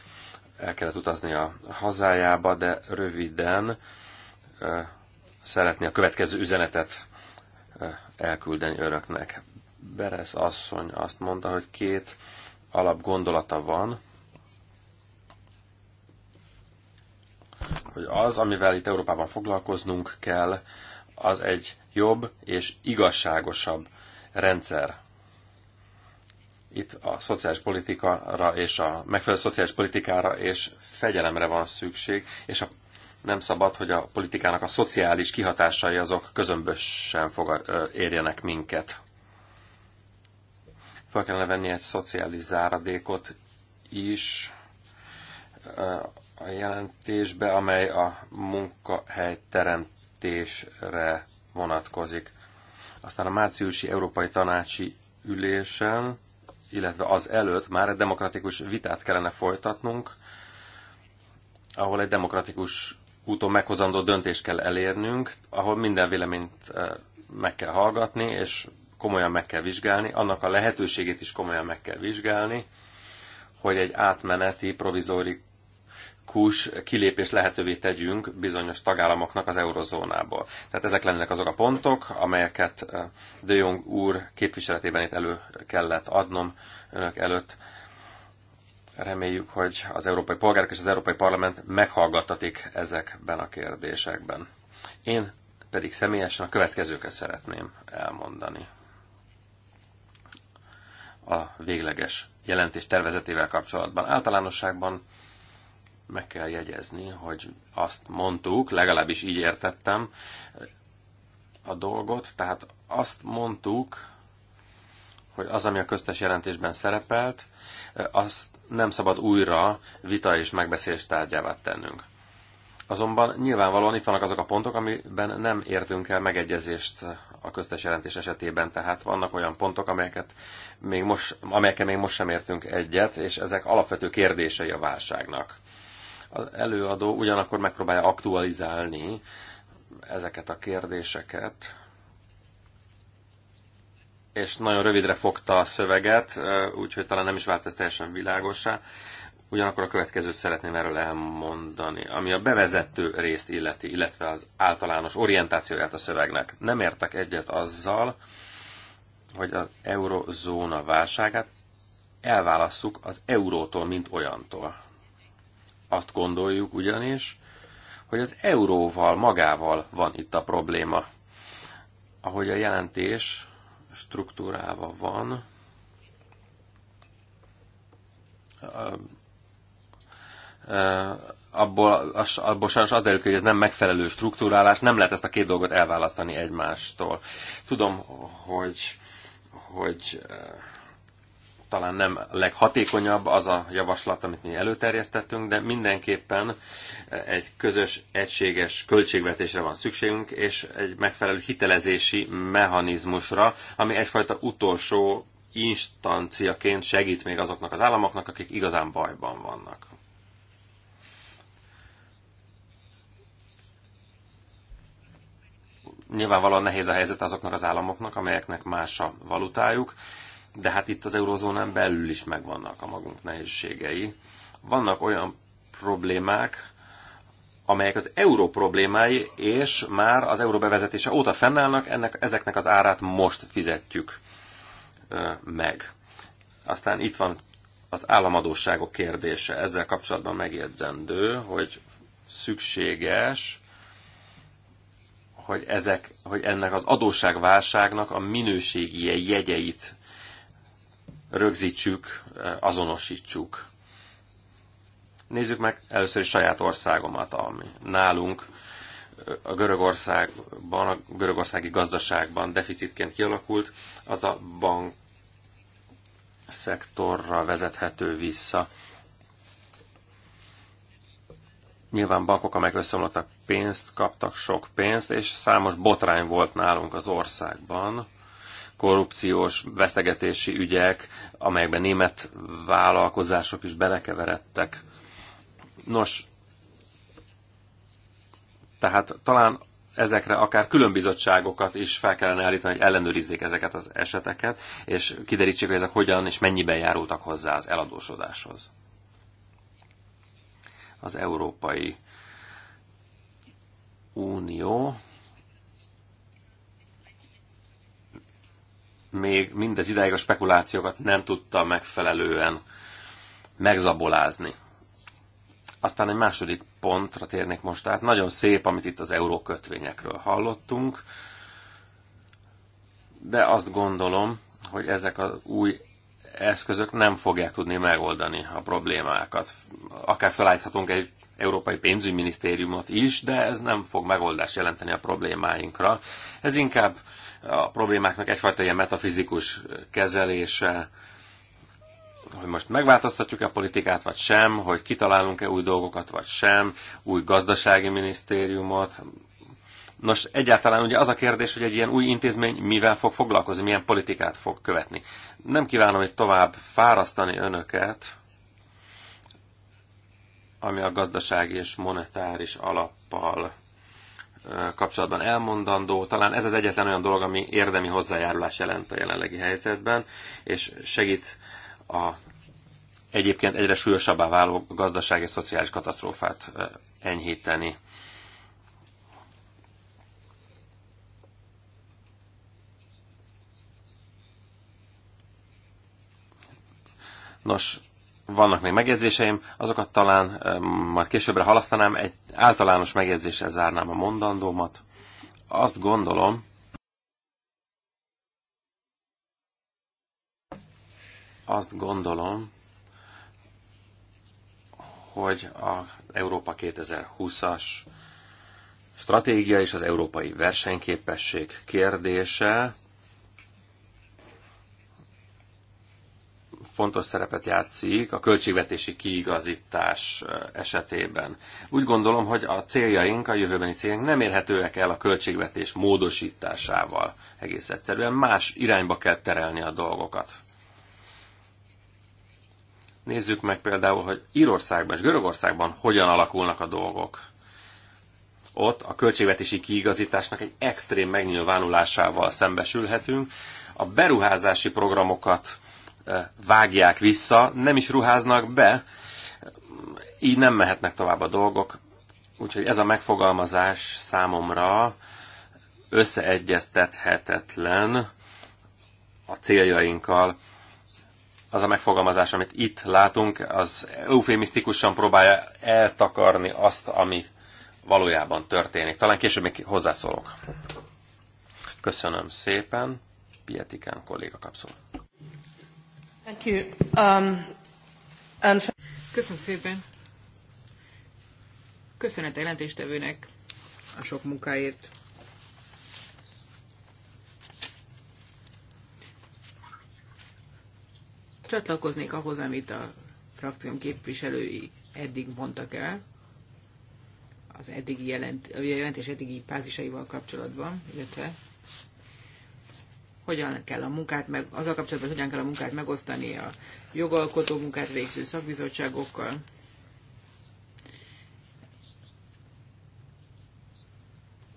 Speaker 2: el kellett utazni a hazájába, de röviden szeretné a következő üzenetet elküldeni öröknek. Beres asszony azt mondta, hogy két alapgondolata van, hogy az, amivel itt Európában foglalkoznunk kell, az egy jobb és igazságosabb rendszer. Itt a szociális politikára és a megfelelő szociális politikára és fegyelemre van szükség, és a nem szabad, hogy a politikának a szociális kihatásai azok közömbösen fogad, érjenek minket. Fel kellene venni egy szociális záradékot is a jelentésbe, amely a munkahely teremtésre vonatkozik. Aztán a márciusi Európai Tanácsi ülésen, illetve az előtt már egy demokratikus vitát kellene folytatnunk, ahol egy demokratikus úton meghozandó döntést kell elérnünk, ahol minden véleményt eh, meg kell hallgatni, és komolyan meg kell vizsgálni, annak a lehetőségét is komolyan meg kell vizsgálni, hogy egy átmeneti, provizórikus kilépést lehetővé tegyünk bizonyos tagállamoknak az eurozónából. Tehát ezek lennének azok a pontok, amelyeket eh, De Jong úr képviseletében itt elő kellett adnom önök előtt. Reméljük, hogy az európai polgárok és az európai parlament meghallgattatik ezekben a kérdésekben. Én pedig személyesen a következőket szeretném elmondani. A végleges jelentés tervezetével kapcsolatban általánosságban meg kell jegyezni, hogy azt mondtuk, legalábbis így értettem a dolgot, tehát azt mondtuk, hogy az, ami a köztes jelentésben szerepelt, azt nem szabad újra vita és megbeszélés tárgyává tennünk. Azonban nyilvánvalóan itt vannak azok a pontok, amiben nem értünk el megegyezést a köztes jelentés esetében, tehát vannak olyan pontok, amelyeket még most, amelyeket még most sem értünk egyet, és ezek alapvető kérdései a válságnak. Az előadó ugyanakkor megpróbálja aktualizálni ezeket a kérdéseket, és nagyon rövidre fogta a szöveget, úgyhogy talán nem is vált ez teljesen világosá. Ugyanakkor a következőt szeretném erről elmondani, ami a bevezető részt illeti, illetve az általános orientációját a szövegnek. Nem értek egyet azzal, hogy az eurozóna válságát elválasszuk az eurótól, mint olyantól. Azt gondoljuk ugyanis, hogy az euróval magával van itt a probléma. Ahogy a jelentés struktúrálva van. Abból, abból sajnos az derül hogy ez nem megfelelő struktúrálás, nem lehet ezt a két dolgot elválasztani egymástól. Tudom, hogy, hogy talán nem a leghatékonyabb az a javaslat, amit mi előterjesztettünk, de mindenképpen egy közös, egységes költségvetésre van szükségünk, és egy megfelelő hitelezési mechanizmusra, ami egyfajta utolsó instanciaként segít még azoknak az államoknak, akik igazán bajban vannak. Nyilvánvalóan nehéz a helyzet azoknak az államoknak, amelyeknek más a valutájuk, de hát itt az eurozónán belül is megvannak a magunk nehézségei. Vannak olyan problémák, amelyek az euró problémái, és már az euró bevezetése óta fennállnak, ennek, ezeknek az árát most fizetjük meg. Aztán itt van az államadóságok kérdése. Ezzel kapcsolatban megjegyzendő, hogy szükséges, hogy, ezek, hogy ennek az adósságválságnak a minőségi jegyeit rögzítsük, azonosítsuk. Nézzük meg először is saját országomat, ami nálunk a Görögországban, a görögországi gazdaságban deficitként kialakult, az a bank szektorra vezethető vissza. Nyilván bankok, amelyek összeomlottak pénzt, kaptak sok pénzt, és számos botrány volt nálunk az országban korrupciós vesztegetési ügyek, amelyekben német vállalkozások is belekeveredtek. Nos, tehát talán ezekre akár külön bizottságokat is fel kellene állítani, hogy ellenőrizzék ezeket az eseteket, és kiderítsék, hogy ezek hogyan és mennyiben járultak hozzá az eladósodáshoz. Az Európai Unió még mindez ideig a spekulációkat nem tudta megfelelően megzabolázni. Aztán egy második pontra térnék most át. Nagyon szép, amit itt az eurókötvényekről hallottunk, de azt gondolom, hogy ezek az új eszközök nem fogják tudni megoldani a problémákat. Akár felállíthatunk egy Európai Pénzügyminisztériumot is, de ez nem fog megoldást jelenteni a problémáinkra. Ez inkább a problémáknak egyfajta ilyen metafizikus kezelése, hogy most megváltoztatjuk-e a politikát, vagy sem, hogy kitalálunk-e új dolgokat, vagy sem, új gazdasági minisztériumot. Nos, egyáltalán ugye az a kérdés, hogy egy ilyen új intézmény mivel fog foglalkozni, milyen politikát fog követni. Nem kívánom, hogy tovább fárasztani önöket, ami a gazdasági és monetáris alappal kapcsolatban elmondandó. Talán ez az egyetlen olyan dolog, ami érdemi hozzájárulás jelent a jelenlegi helyzetben, és segít a egyébként egyre súlyosabbá váló gazdasági és szociális katasztrófát enyhíteni. Nos, vannak még megjegyzéseim, azokat talán majd későbbre halasztanám, egy általános megjegyzéssel zárnám a mondandómat. Azt gondolom, azt gondolom, hogy az Európa 2020-as stratégia és az európai versenyképesség kérdése fontos szerepet játszik a költségvetési kiigazítás esetében. Úgy gondolom, hogy a céljaink, a jövőbeni céljaink nem érhetőek el a költségvetés módosításával. Egész egyszerűen más irányba kell terelni a dolgokat. Nézzük meg például, hogy Írországban és Görögországban hogyan alakulnak a dolgok. Ott a költségvetési kiigazításnak egy extrém megnyilvánulásával szembesülhetünk. A beruházási programokat vágják vissza, nem is ruháznak be, így nem mehetnek tovább a dolgok. Úgyhogy ez a megfogalmazás számomra összeegyeztethetetlen a céljainkkal. Az a megfogalmazás, amit itt látunk, az eufémisztikusan próbálja eltakarni azt, ami valójában történik. Talán később még hozzászólok. Köszönöm szépen. Pietikán kolléga kapszol.
Speaker 1: Thank you. Um, and... Köszönöm szépen. Köszönet a jelentéstevőnek a sok munkáért. Csatlakoznék ahhoz, amit a frakcióm képviselői eddig mondtak el, az eddigi jelent, a jelentés eddigi pázisaival kapcsolatban, illetve hogyan kell a munkát, meg, azzal kapcsolatban, hogyan kell a munkát megosztani a jogalkotó munkát végző szakbizottságokkal.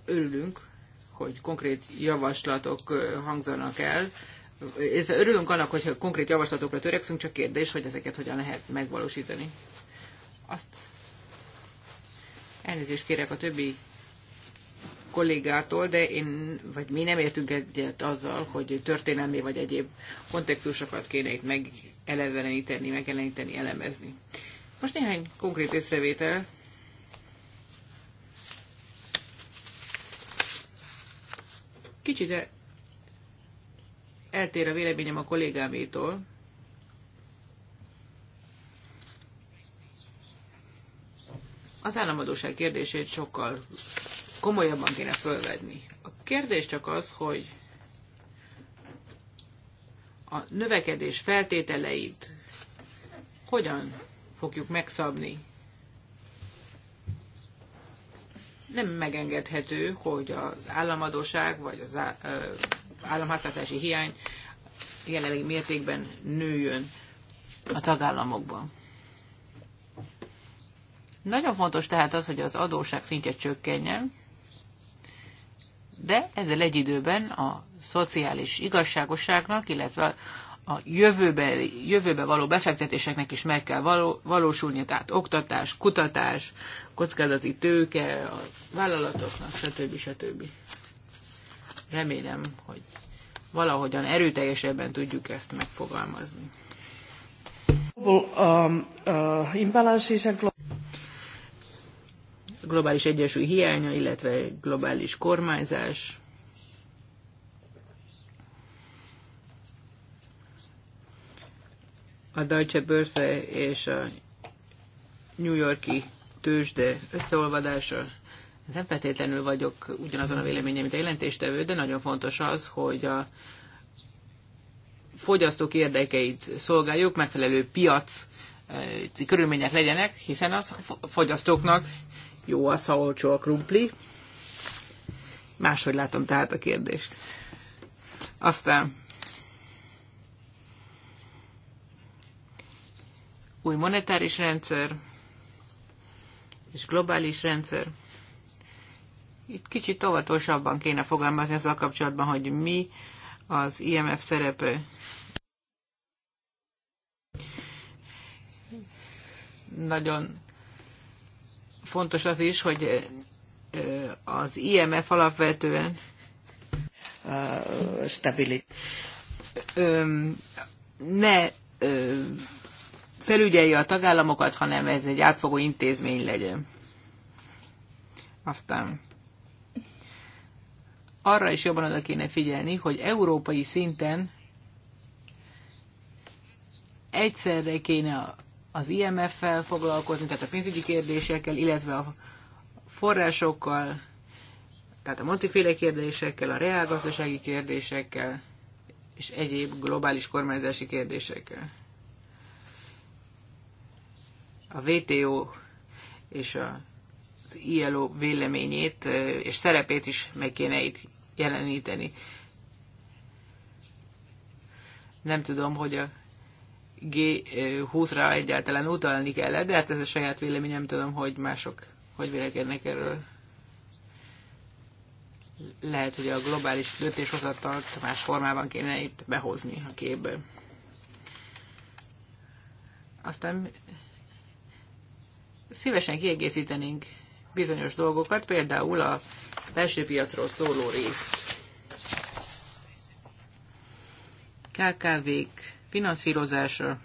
Speaker 1: Örülünk, hogy konkrét javaslatok hangzanak el. Örülünk annak, hogy konkrét javaslatokra törekszünk, csak kérdés, hogy ezeket hogyan lehet megvalósítani. Azt elnézést kérek a többi kollégától, de én, vagy mi nem értünk egyet azzal, hogy történelmi vagy egyéb kontextusokat kéne itt meg eleveníteni, megjeleníteni, elemezni. Most néhány konkrét észrevétel. Kicsit eltér a véleményem a kollégámétól, az államadóság kérdését sokkal komolyabban kéne fölvedni. A kérdés csak az, hogy a növekedés feltételeit hogyan fogjuk megszabni. Nem megengedhető, hogy az államadóság vagy az államháztartási hiány jelenlegi mértékben nőjön a tagállamokban. Nagyon fontos tehát az, hogy az adóság szintje csökkenjen, de ezzel egy időben a szociális igazságosságnak, illetve a jövőbe, jövőbe való befektetéseknek is meg kell való, valósulni, tehát oktatás, kutatás, kockázati tőke, a vállalatoknak, stb. stb. Remélem, hogy valahogyan erőteljesebben tudjuk ezt megfogalmazni. Um, uh, globális egyensúly hiánya, illetve globális kormányzás. A Deutsche Börse és a New Yorki tőzsde összeolvadása. Nem feltétlenül vagyok ugyanazon a véleményem, mint a jelentéstevő, de nagyon fontos az, hogy a fogyasztók érdekeit szolgáljuk, megfelelő piac eh, körülmények legyenek, hiszen az a fogyasztóknak jó az, ha olcsó a krumpli. Máshogy látom tehát a kérdést. Aztán új monetáris rendszer és globális rendszer. Itt kicsit óvatosabban kéne fogalmazni ezzel kapcsolatban, hogy mi az IMF szerepe. Nagyon fontos az is, hogy az IMF alapvetően uh, ne felügyelje a tagállamokat, hanem ez egy átfogó intézmény legyen. Aztán arra is jobban oda kéne figyelni, hogy európai szinten egyszerre kéne az IMF-fel foglalkozni, tehát a pénzügyi kérdésekkel, illetve a forrásokkal, tehát a Montiféle kérdésekkel, a reálgazdasági kérdésekkel, és egyéb globális kormányzási kérdésekkel. A WTO és az ILO véleményét és szerepét is meg kéne itt jeleníteni. Nem tudom, hogy a G20-ra egyáltalán utalni kell de hát ez a saját véleményem, tudom, hogy mások hogy vélekednek erről. Lehet, hogy a globális döntéshozatalt más formában kéne itt behozni a képbe. Aztán szívesen kiegészítenénk bizonyos dolgokat, például a belső piacról szóló részt. KKV-k, finanszírozásra.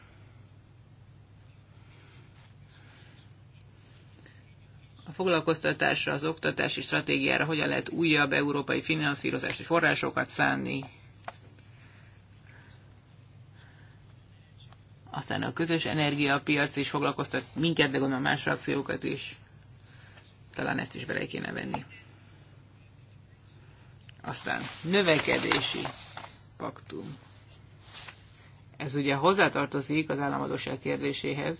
Speaker 1: A foglalkoztatásra, az oktatási stratégiára hogyan lehet újabb európai finanszírozási forrásokat szánni. Aztán a közös energiapiac is foglalkoztat minket, de gondolom más akciókat is. Talán ezt is bele kéne venni. Aztán növekedési paktum. Ez ugye hozzátartozik az államadóság kérdéséhez,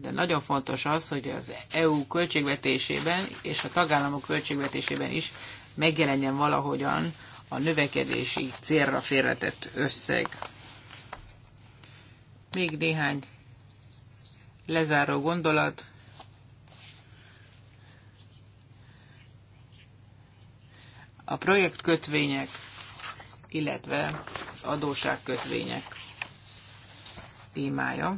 Speaker 1: de nagyon fontos az, hogy az EU költségvetésében és a tagállamok költségvetésében is megjelenjen valahogyan a növekedési célra félretett összeg. Még néhány lezáró gondolat. A projektkötvények, illetve adóságkötvények témája.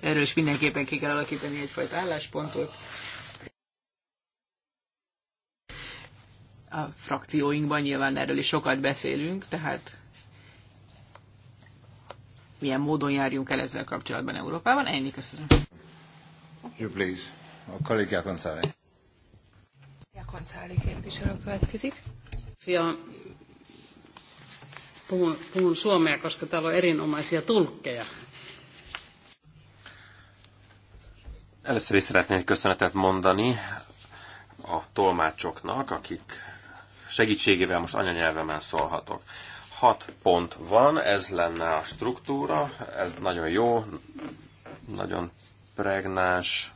Speaker 1: Erről is mindenképpen ki kell alakítani egyfajta álláspontot. A frakcióinkban nyilván erről is sokat beszélünk, tehát milyen módon járjunk el ezzel kapcsolatban Európában. Ennyi, köszönöm. You please. A kollégák Gonzáli. Konzáli képviselő következik. Puhun, puhun suomea, koska täällä on erinomaisia tulkkeja.
Speaker 2: Először is szeretnék köszönetet mondani a tolmácsoknak, akik segítségével most anyanyelvemen szólhatok. Hat pont van, ez lenne a struktúra, ez nagyon jó, nagyon pregnáns,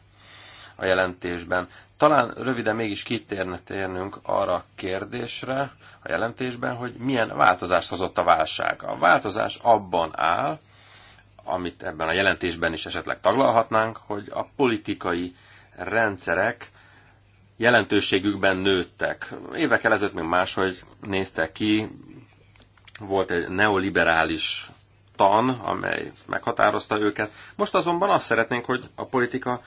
Speaker 2: a jelentésben. Talán röviden mégis kitérne térnünk arra a kérdésre a jelentésben, hogy milyen változást hozott a válság. A változás abban áll, amit ebben a jelentésben is esetleg taglalhatnánk, hogy a politikai rendszerek jelentőségükben nőttek. Évekkel ezelőtt még máshogy néztek ki, volt egy neoliberális tan, amely meghatározta őket. Most azonban azt szeretnénk, hogy a politika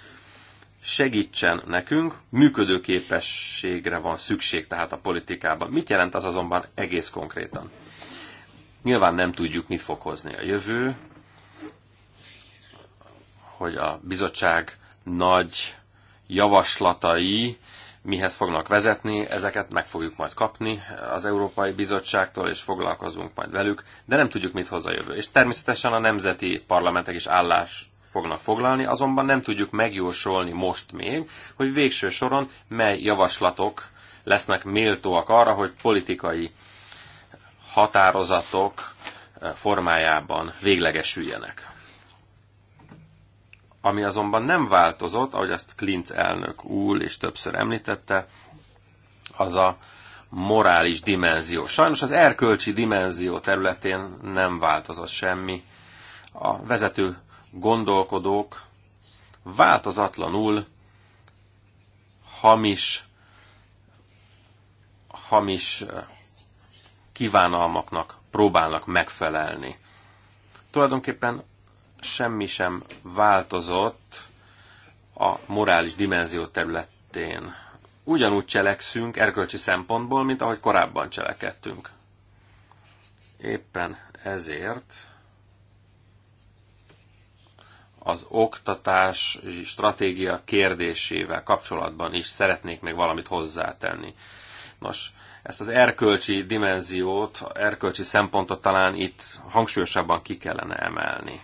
Speaker 2: segítsen nekünk, működőképességre van szükség tehát a politikában. Mit jelent az azonban egész konkrétan? Nyilván nem tudjuk, mit fog hozni a jövő, hogy a bizottság nagy javaslatai mihez fognak vezetni, ezeket meg fogjuk majd kapni az Európai Bizottságtól, és foglalkozunk majd velük, de nem tudjuk, mit hoz a jövő. És természetesen a nemzeti parlamentek is állás fognak foglalni, azonban nem tudjuk megjósolni most még, hogy végső soron mely javaslatok lesznek méltóak arra, hogy politikai határozatok eh, formájában véglegesüljenek. Ami azonban nem változott, ahogy azt Klinc elnök úr és többször említette, az a morális dimenzió. Sajnos az erkölcsi dimenzió területén nem változott semmi. A vezető gondolkodók változatlanul hamis, hamis eh, kívánalmaknak próbálnak megfelelni. Tulajdonképpen semmi sem változott a morális dimenzió területén. Ugyanúgy cselekszünk erkölcsi szempontból, mint ahogy korábban cselekedtünk. Éppen ezért az oktatási stratégia kérdésével kapcsolatban is szeretnék még valamit hozzátenni. Nos, ezt az erkölcsi dimenziót, erkölcsi szempontot talán itt hangsúlyosabban ki kellene emelni.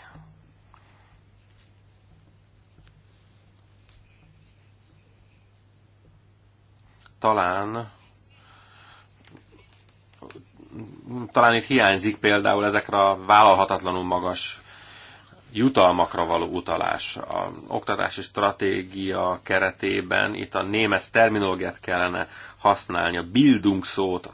Speaker 2: Talán talán itt hiányzik például ezekre a vállalhatatlanul magas jutalmakra való utalás a oktatási stratégia keretében, itt a német terminológiát kellene használni, a bildung szót,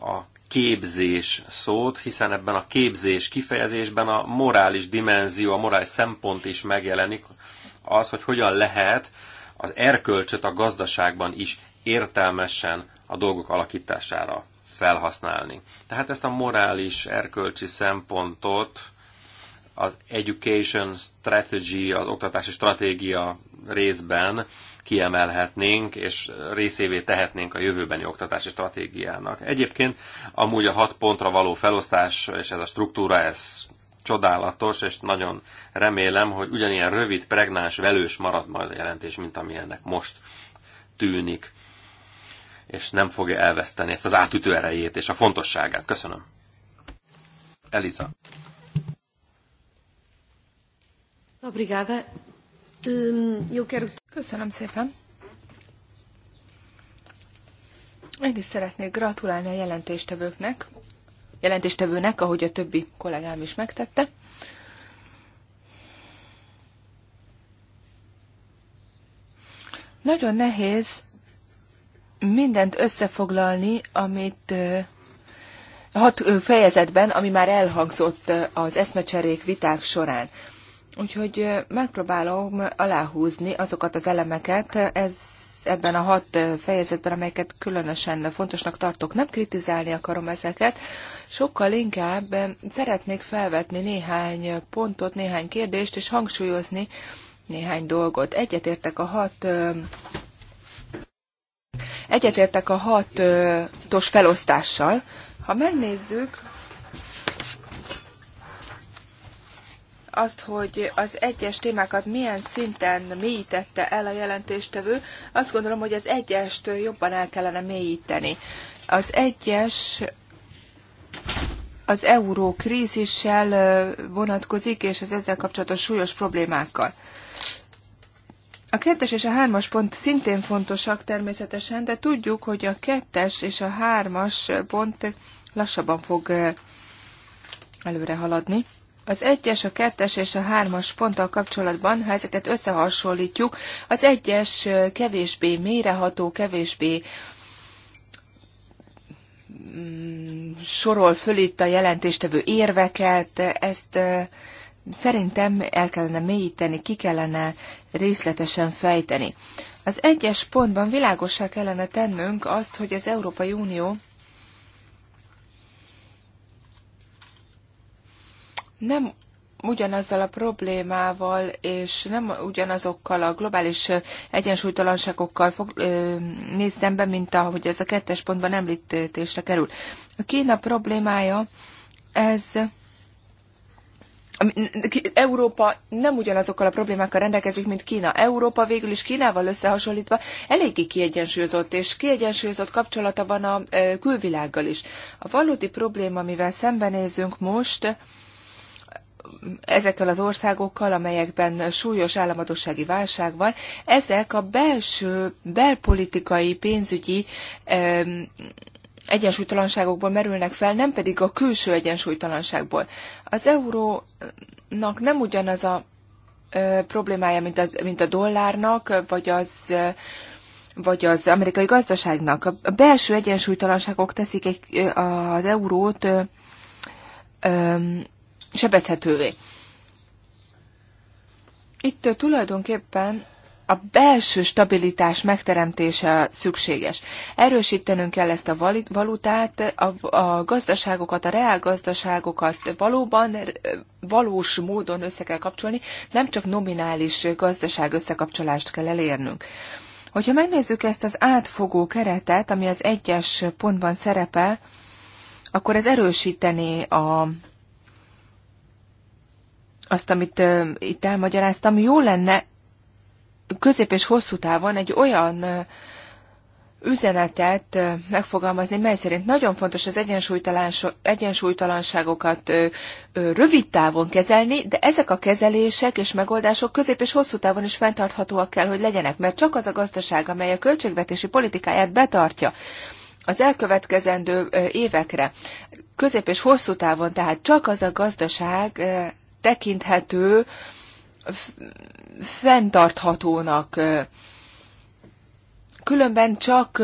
Speaker 2: a képzés szót, hiszen ebben a képzés kifejezésben a morális dimenzió, a morális szempont is megjelenik, az, hogy hogyan lehet az erkölcsöt a gazdaságban is értelmesen a dolgok alakítására felhasználni. Tehát ezt a morális, erkölcsi szempontot az Education Strategy, az oktatási stratégia részben kiemelhetnénk, és részévé tehetnénk a jövőbeni oktatási stratégiának. Egyébként amúgy a hat pontra való felosztás, és ez a struktúra, ez csodálatos, és nagyon remélem, hogy ugyanilyen rövid, pregnáns, velős marad majd a jelentés, mint ami ennek most tűnik, és nem fogja elveszteni ezt az átütő erejét és a fontosságát. Köszönöm. Eliza.
Speaker 3: Obrigada. Eu quero... Köszönöm szépen. Én is szeretnék gratulálni a jelentéstevőknek, jelentéstevőnek, ahogy a többi kollégám is megtette. Nagyon nehéz mindent összefoglalni, amit hat fejezetben, ami már elhangzott az eszmecserék viták során. Úgyhogy megpróbálom aláhúzni azokat az elemeket ez, ebben a hat fejezetben, amelyeket különösen fontosnak tartok. Nem kritizálni akarom ezeket, sokkal inkább szeretnék felvetni néhány pontot, néhány kérdést, és hangsúlyozni néhány dolgot. Egyetértek a hat Egyetértek a hatos felosztással. Ha megnézzük, azt, hogy az egyes témákat milyen szinten mélyítette el a jelentéstevő, azt gondolom, hogy az egyest jobban el kellene mélyíteni. Az egyes az euró vonatkozik, és az ezzel kapcsolatos súlyos problémákkal. A kettes és a hármas pont szintén fontosak természetesen, de tudjuk, hogy a kettes és a hármas pont lassabban fog előre haladni. Az 1-es, a 2-es és a 3-as ponttal kapcsolatban, ha ezeket összehasonlítjuk, az 1-es kevésbé méreható, kevésbé mm, sorol föl itt a jelentéstevő érveket, ezt szerintem el kellene mélyíteni, ki kellene részletesen fejteni. Az egyes pontban világosá kellene tennünk azt, hogy az Európai Unió nem ugyanazzal a problémával és nem ugyanazokkal a globális egyensúlytalanságokkal fog, ö, néz szembe, mint ahogy ez a kettes pontban említésre kerül. A Kína problémája ez Európa nem ugyanazokkal a problémákkal rendelkezik, mint Kína. Európa végül is Kínával összehasonlítva eléggé kiegyensúlyozott, és kiegyensúlyozott kapcsolata van a külvilággal is. A valódi probléma, amivel szembenézünk most, ezekkel az országokkal, amelyekben súlyos államadossági válság van, ezek a belső, belpolitikai, pénzügyi egyensúlytalanságokból merülnek fel, nem pedig a külső egyensúlytalanságból. Az eurónak nem ugyanaz a problémája, mint, az, mint a dollárnak, vagy az vagy az amerikai gazdaságnak. A belső egyensúlytalanságok teszik egy, az eurót sebezhetővé. Itt tulajdonképpen a belső stabilitás megteremtése szükséges. Erősítenünk kell ezt a valutát, a, a gazdaságokat, a reálgazdaságokat valóban eh, valós módon össze kell kapcsolni, nem csak nominális gazdaság összekapcsolást kell elérnünk. Hogyha megnézzük ezt az átfogó keretet, ami az egyes pontban szerepel, akkor ez erősítené a azt, amit itt elmagyaráztam, jó lenne közép és hosszú távon egy olyan üzenetet megfogalmazni, mely szerint nagyon fontos az egyensúlytalanságokat rövid távon kezelni, de ezek a kezelések és megoldások közép és hosszú távon is fenntarthatóak kell, hogy legyenek, mert csak az a gazdaság, amely a költségvetési politikáját betartja az elkövetkezendő évekre, közép és hosszú távon, tehát csak az a gazdaság tekinthető fenntarthatónak. Különben csak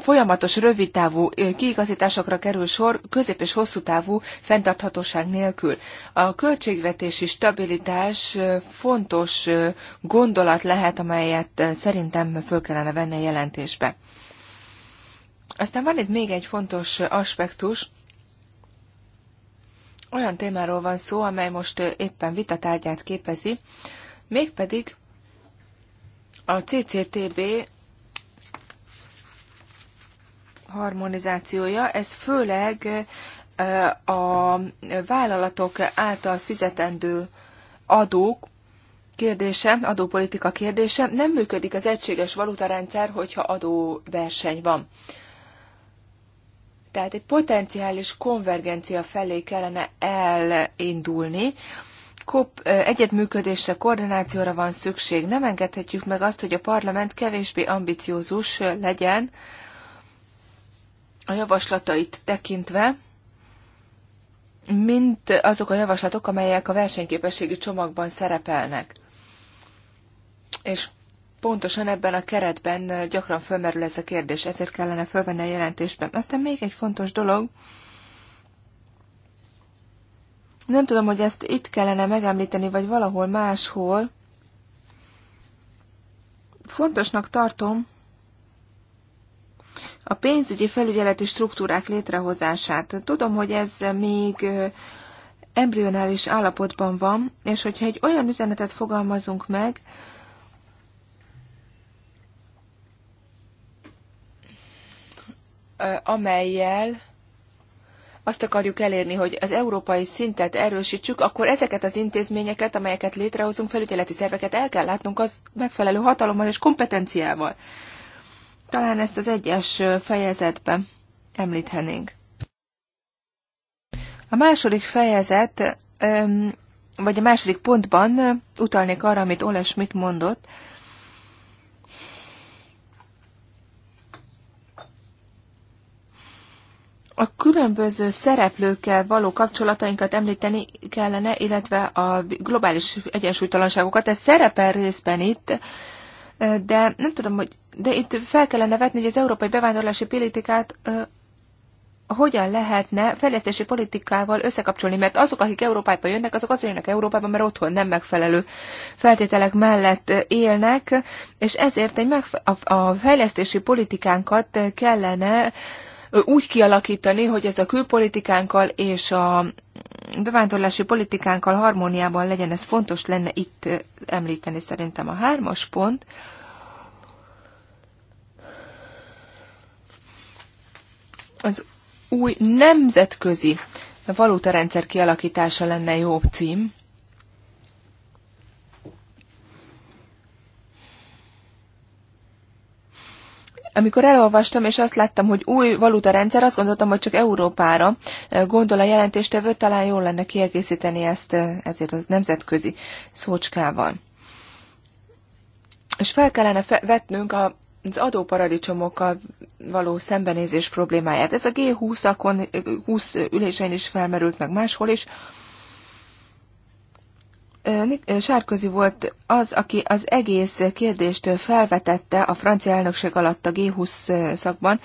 Speaker 3: folyamatos, rövidtávú kiigazításokra kerül sor, közép- és hosszú távú fenntarthatóság nélkül. A költségvetési stabilitás fontos gondolat lehet, amelyet szerintem föl kellene venni a jelentésbe. Aztán van itt még egy fontos aspektus, olyan témáról van szó, amely most éppen vitatárgyát képezi, mégpedig a CCTB harmonizációja, ez főleg a vállalatok által fizetendő adók kérdése, adópolitika kérdése. Nem működik az egységes valutarendszer, hogyha adóverseny van. Tehát egy potenciális konvergencia felé kellene elindulni, kop, egyetműködésre, koordinációra van szükség. Nem engedhetjük meg azt, hogy a parlament kevésbé ambiciózus legyen a javaslatait tekintve, mint azok a javaslatok, amelyek a versenyképességi csomagban szerepelnek. És pontosan ebben a keretben gyakran fölmerül ez a kérdés, ezért kellene fölvenni a jelentésben. Aztán még egy fontos dolog, nem tudom, hogy ezt itt kellene megemlíteni, vagy valahol máshol. Fontosnak tartom a pénzügyi felügyeleti struktúrák létrehozását. Tudom, hogy ez még embryonális állapotban van, és hogyha egy olyan üzenetet fogalmazunk meg, amelyel azt akarjuk elérni, hogy az európai szintet erősítsük, akkor ezeket az intézményeket, amelyeket létrehozunk, felügyeleti szerveket el kell látnunk az megfelelő hatalommal és kompetenciával. Talán ezt az egyes fejezetben említhetnénk. A második fejezet, vagy a második pontban utalnék arra, amit Ole mit mondott, a különböző szereplőkkel való kapcsolatainkat említeni kellene, illetve a globális egyensúlytalanságokat. Ez szerepel részben itt, de nem tudom, hogy de itt fel kellene vetni, hogy az európai bevándorlási politikát hogyan lehetne fejlesztési politikával összekapcsolni, mert azok, akik Európába jönnek, azok azért jönnek Európába, mert otthon nem megfelelő feltételek mellett élnek, és ezért egy megfe- a, a fejlesztési politikánkat kellene úgy kialakítani, hogy ez a külpolitikánkkal és a bevándorlási politikánkkal harmóniában legyen, ez fontos lenne itt eh, említeni szerintem a hármas pont. Az új nemzetközi valutarendszer kialakítása lenne jó cím. Amikor elolvastam, és azt láttam, hogy új valuta rendszer, azt gondoltam, hogy csak Európára eh, gondol a jelentéstevő, talán jól lenne kiegészíteni ezt eh, ezért a nemzetközi szócskával. És fel kellene fe- vetnünk a az adóparadicsomokkal való szembenézés problémáját. Ez a G20-akon, 20 eh, ülésen is felmerült, meg máshol is. Sárközi volt az, aki az egész kérdést felvetette a francia elnökség alatt a G20 szakban,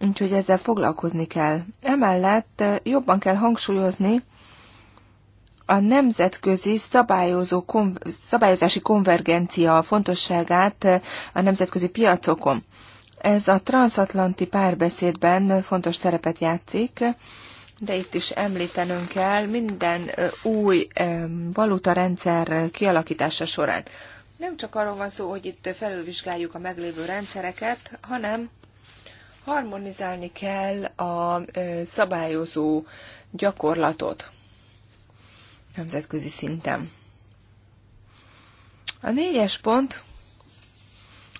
Speaker 3: úgyhogy ezzel foglalkozni kell. Emellett jobban kell hangsúlyozni a nemzetközi szabályozó konv- szabályozási konvergencia fontosságát a nemzetközi piacokon. Ez a transatlanti párbeszédben fontos szerepet játszik, de itt is említenünk kell minden új valutarendszer kialakítása során. Nem csak arról van szó, hogy itt felülvizsgáljuk a meglévő rendszereket, hanem harmonizálni kell a szabályozó gyakorlatot nemzetközi szinten. A négyes pont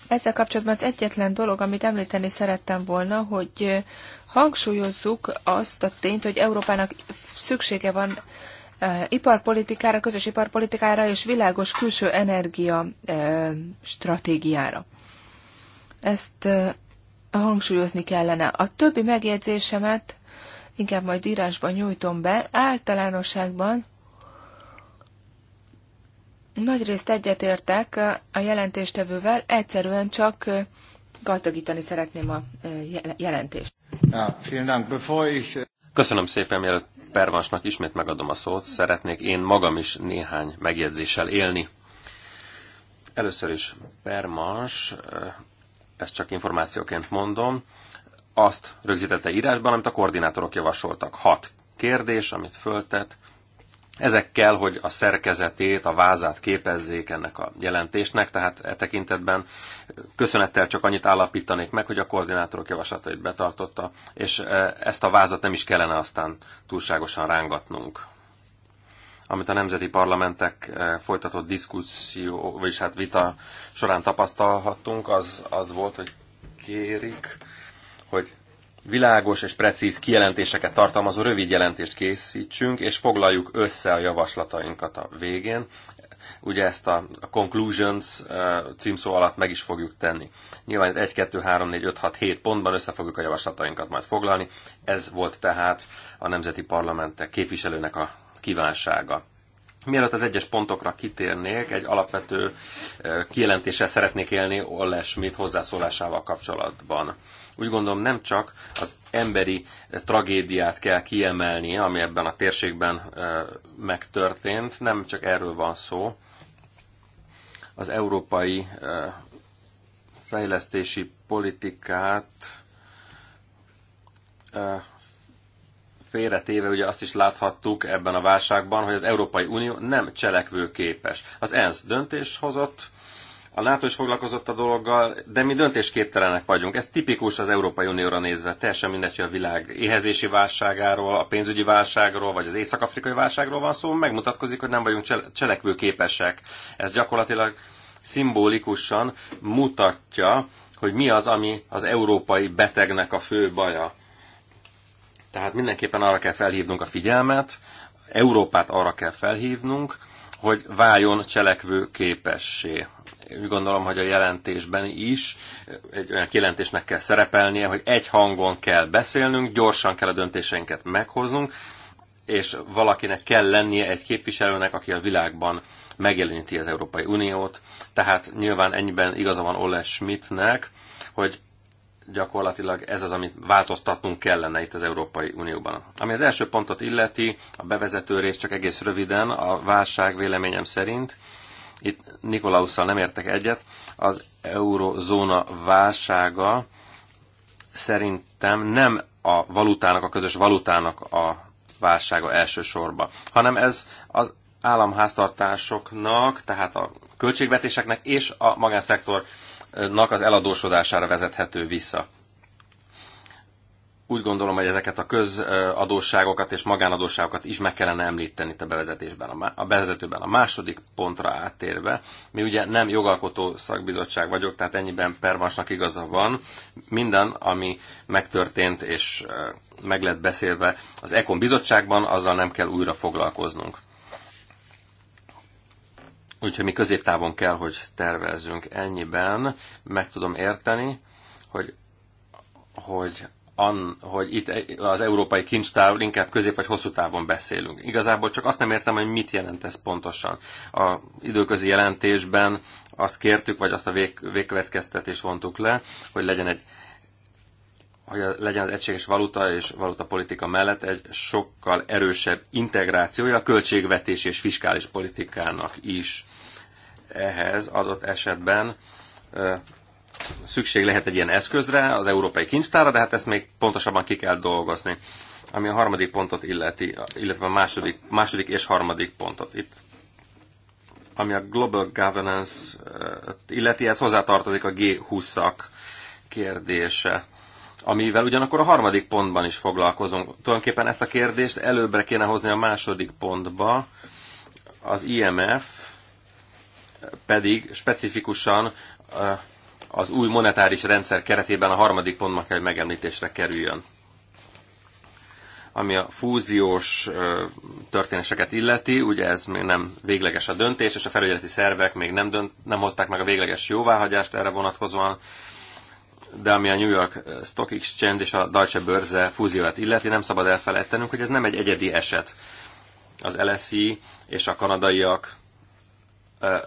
Speaker 3: ezzel kapcsolatban az egyetlen dolog, amit említeni szerettem volna, hogy hangsúlyozzuk azt a tényt, hogy Európának szüksége van e, iparpolitikára, közös iparpolitikára és világos külső energia e, stratégiára. Ezt e, hangsúlyozni kellene. A többi megjegyzésemet inkább majd írásban nyújtom be. Általánosságban nagyrészt egyetértek a jelentéstevővel, egyszerűen csak gazdagítani szeretném a e, jelentést.
Speaker 1: Äh,
Speaker 2: Köszönöm szépen, mielőtt Pervansnak ismét megadom a szót, szeretnék én magam is néhány megjegyzéssel élni. Először is Permans, ezt csak információként mondom, azt rögzítette írásban, amit a koordinátorok javasoltak. Hat kérdés, amit föltett, ezek kell, hogy a szerkezetét, a vázát képezzék ennek a jelentésnek, tehát e tekintetben köszönettel csak annyit állapítanék meg, hogy a koordinátorok javaslatait betartotta, és e, ezt a vázat nem is kellene aztán túlságosan rángatnunk amit a nemzeti parlamentek e, folytatott diszkuszió, vagyis hát vita során tapasztalhattunk, az, az volt, hogy kérik, hogy világos és precíz kijelentéseket tartalmazó rövid jelentést készítsünk, és foglaljuk össze a javaslatainkat a végén. Ugye ezt a conclusions eh, címszó alatt meg is fogjuk tenni. Nyilván 1, 2, 3, 4, 5, 6, 7 pontban össze fogjuk a javaslatainkat majd foglalni. Ez volt tehát a nemzeti parlamentek képviselőnek a kívánsága. Mielőtt az egyes pontokra kitérnék, egy alapvető eh, kijelentéssel szeretnék élni Olle Schmidt hozzászólásával kapcsolatban. Úgy gondolom nem csak az emberi eh, tragédiát kell kiemelni, ami ebben a térségben eh, megtörtént, nem csak erről van szó. Az európai eh, fejlesztési politikát félretéve ugye azt is láthattuk ebben a válságban, hogy az Európai Unió nem cselekvőképes. Az ENSZ döntés hozott, a NATO is foglalkozott a dologgal, de mi döntésképtelenek vagyunk. Ez tipikus az Európai Unióra nézve. Teljesen mindegy, hogy a világ éhezési válságáról, a pénzügyi válságról, vagy az észak-afrikai válságról van szó, megmutatkozik, hogy nem vagyunk cselekvőképesek. Ez gyakorlatilag szimbolikusan mutatja, hogy mi az, ami az európai betegnek a fő baja. Tehát mindenképpen arra kell felhívnunk a figyelmet, Európát arra kell felhívnunk, hogy váljon cselekvő képessé. Úgy gondolom, hogy a jelentésben is egy olyan jelentésnek kell szerepelnie, hogy egy hangon kell beszélnünk, gyorsan kell a döntéseinket meghoznunk, és valakinek kell lennie egy képviselőnek, aki a világban megjeleníti az Európai Uniót. Tehát nyilván ennyiben igaza van Ole Schmidtnek, hogy gyakorlatilag ez az, amit változtatnunk kellene itt az Európai Unióban. Ami az első pontot illeti, a bevezető rész csak egész röviden, a válság véleményem szerint, itt Nikolausszal nem értek egyet, az eurozóna válsága szerintem nem a valutának, a közös valutának a válsága elsősorban, hanem ez az államháztartásoknak, tehát a költségvetéseknek és a magánszektor nak az eladósodására vezethető vissza. Úgy gondolom, hogy ezeket a közadósságokat és magánadósságokat is meg kellene említeni itt a bevezetésben, a bevezetőben. A második pontra áttérve, mi ugye nem jogalkotó szakbizottság vagyok, tehát ennyiben pervasnak igaza van. Minden, ami megtörtént és meg lett beszélve az Ekon bizottságban, azzal nem kell újra foglalkoznunk Úgyhogy mi középtávon kell, hogy tervezzünk ennyiben. Meg tudom érteni, hogy, hogy, an, hogy itt az európai kincstáv inkább közép vagy hosszú távon beszélünk. Igazából csak azt nem értem, hogy mit jelent ez pontosan. A időközi jelentésben azt kértük, vagy azt a vég, végkövetkeztetést vontuk le, hogy legyen egy hogy legyen az egységes valuta és valutapolitika mellett egy sokkal erősebb integrációja a költségvetés és fiskális politikának is. Ehhez adott esetben szükség lehet egy ilyen eszközre, az európai kincstára, de hát ezt még pontosabban ki kell dolgozni. Ami a harmadik pontot illeti, illetve a második, második és harmadik pontot. Itt ami a Global Governance illeti, ez hozzátartozik a G20-ak kérdése amivel ugyanakkor a harmadik pontban is foglalkozunk. Tulajdonképpen ezt a kérdést előbbre kéne hozni a második pontba. Az IMF pedig specifikusan eh, az új monetáris rendszer keretében a harmadik pontban kell, hogy megemlítésre kerüljön. Ami a fúziós eh, történéseket illeti, ugye ez még nem végleges a döntés, és a felügyeleti szervek még nem, dönt, nem hozták meg a végleges jóváhagyást erre vonatkozóan, de ami a New York Stock Exchange és a Deutsche Börse fúzióját illeti, nem szabad elfelejtenünk, hogy ez nem egy egyedi eset. Az LSI e és a kanadaiak,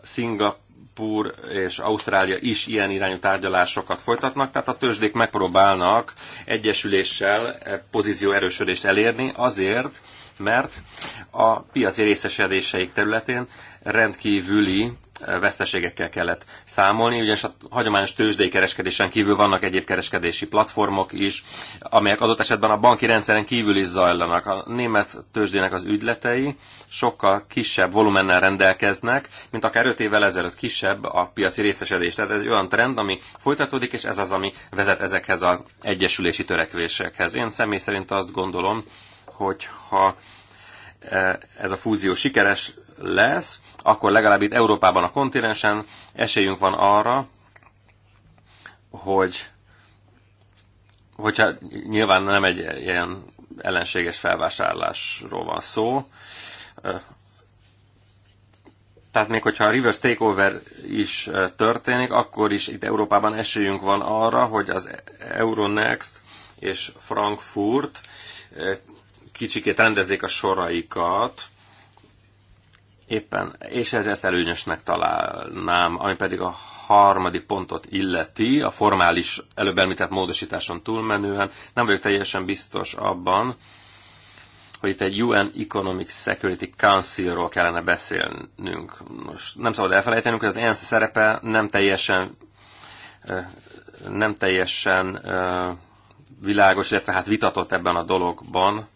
Speaker 2: Szingapur és Ausztrália is ilyen irányú tárgyalásokat folytatnak, tehát a tőzsdék megpróbálnak egyesüléssel e pozíció erősödést elérni azért, mert a piaci részesedéseik területén rendkívüli veszteségekkel kellett számolni, ugyanis a hagyományos tőzsdei kereskedésen kívül vannak egyéb kereskedési platformok is, amelyek adott esetben a banki rendszeren kívül is zajlanak. A német tőzsdének az ügyletei sokkal kisebb volumennel rendelkeznek, mint akár 5 évvel ezelőtt kisebb a piaci részesedés. Tehát ez olyan trend, ami folytatódik, és ez az, ami vezet ezekhez az egyesülési törekvésekhez. Én személy szerint azt gondolom, hogyha eh, ez a fúzió sikeres lesz, akkor legalább itt Európában a kontinensen esélyünk van arra, hogy hogyha nyilván nem egy ilyen ellenséges felvásárlásról van szó, tehát még hogyha a reverse takeover is történik, akkor is itt Európában esélyünk van arra, hogy az Euronext és Frankfurt kicsikét rendezzék a soraikat, éppen, és ez ezt előnyösnek találnám, ami pedig a harmadik pontot illeti, a formális előbb említett módosításon túlmenően. Nem vagyok teljesen biztos abban, hogy itt egy UN Economic Security Council-ról kellene beszélnünk. Most nem szabad elfelejtenünk, hogy az ENSZ szerepe nem teljesen nem teljesen világos, illetve hát vitatott ebben a dologban,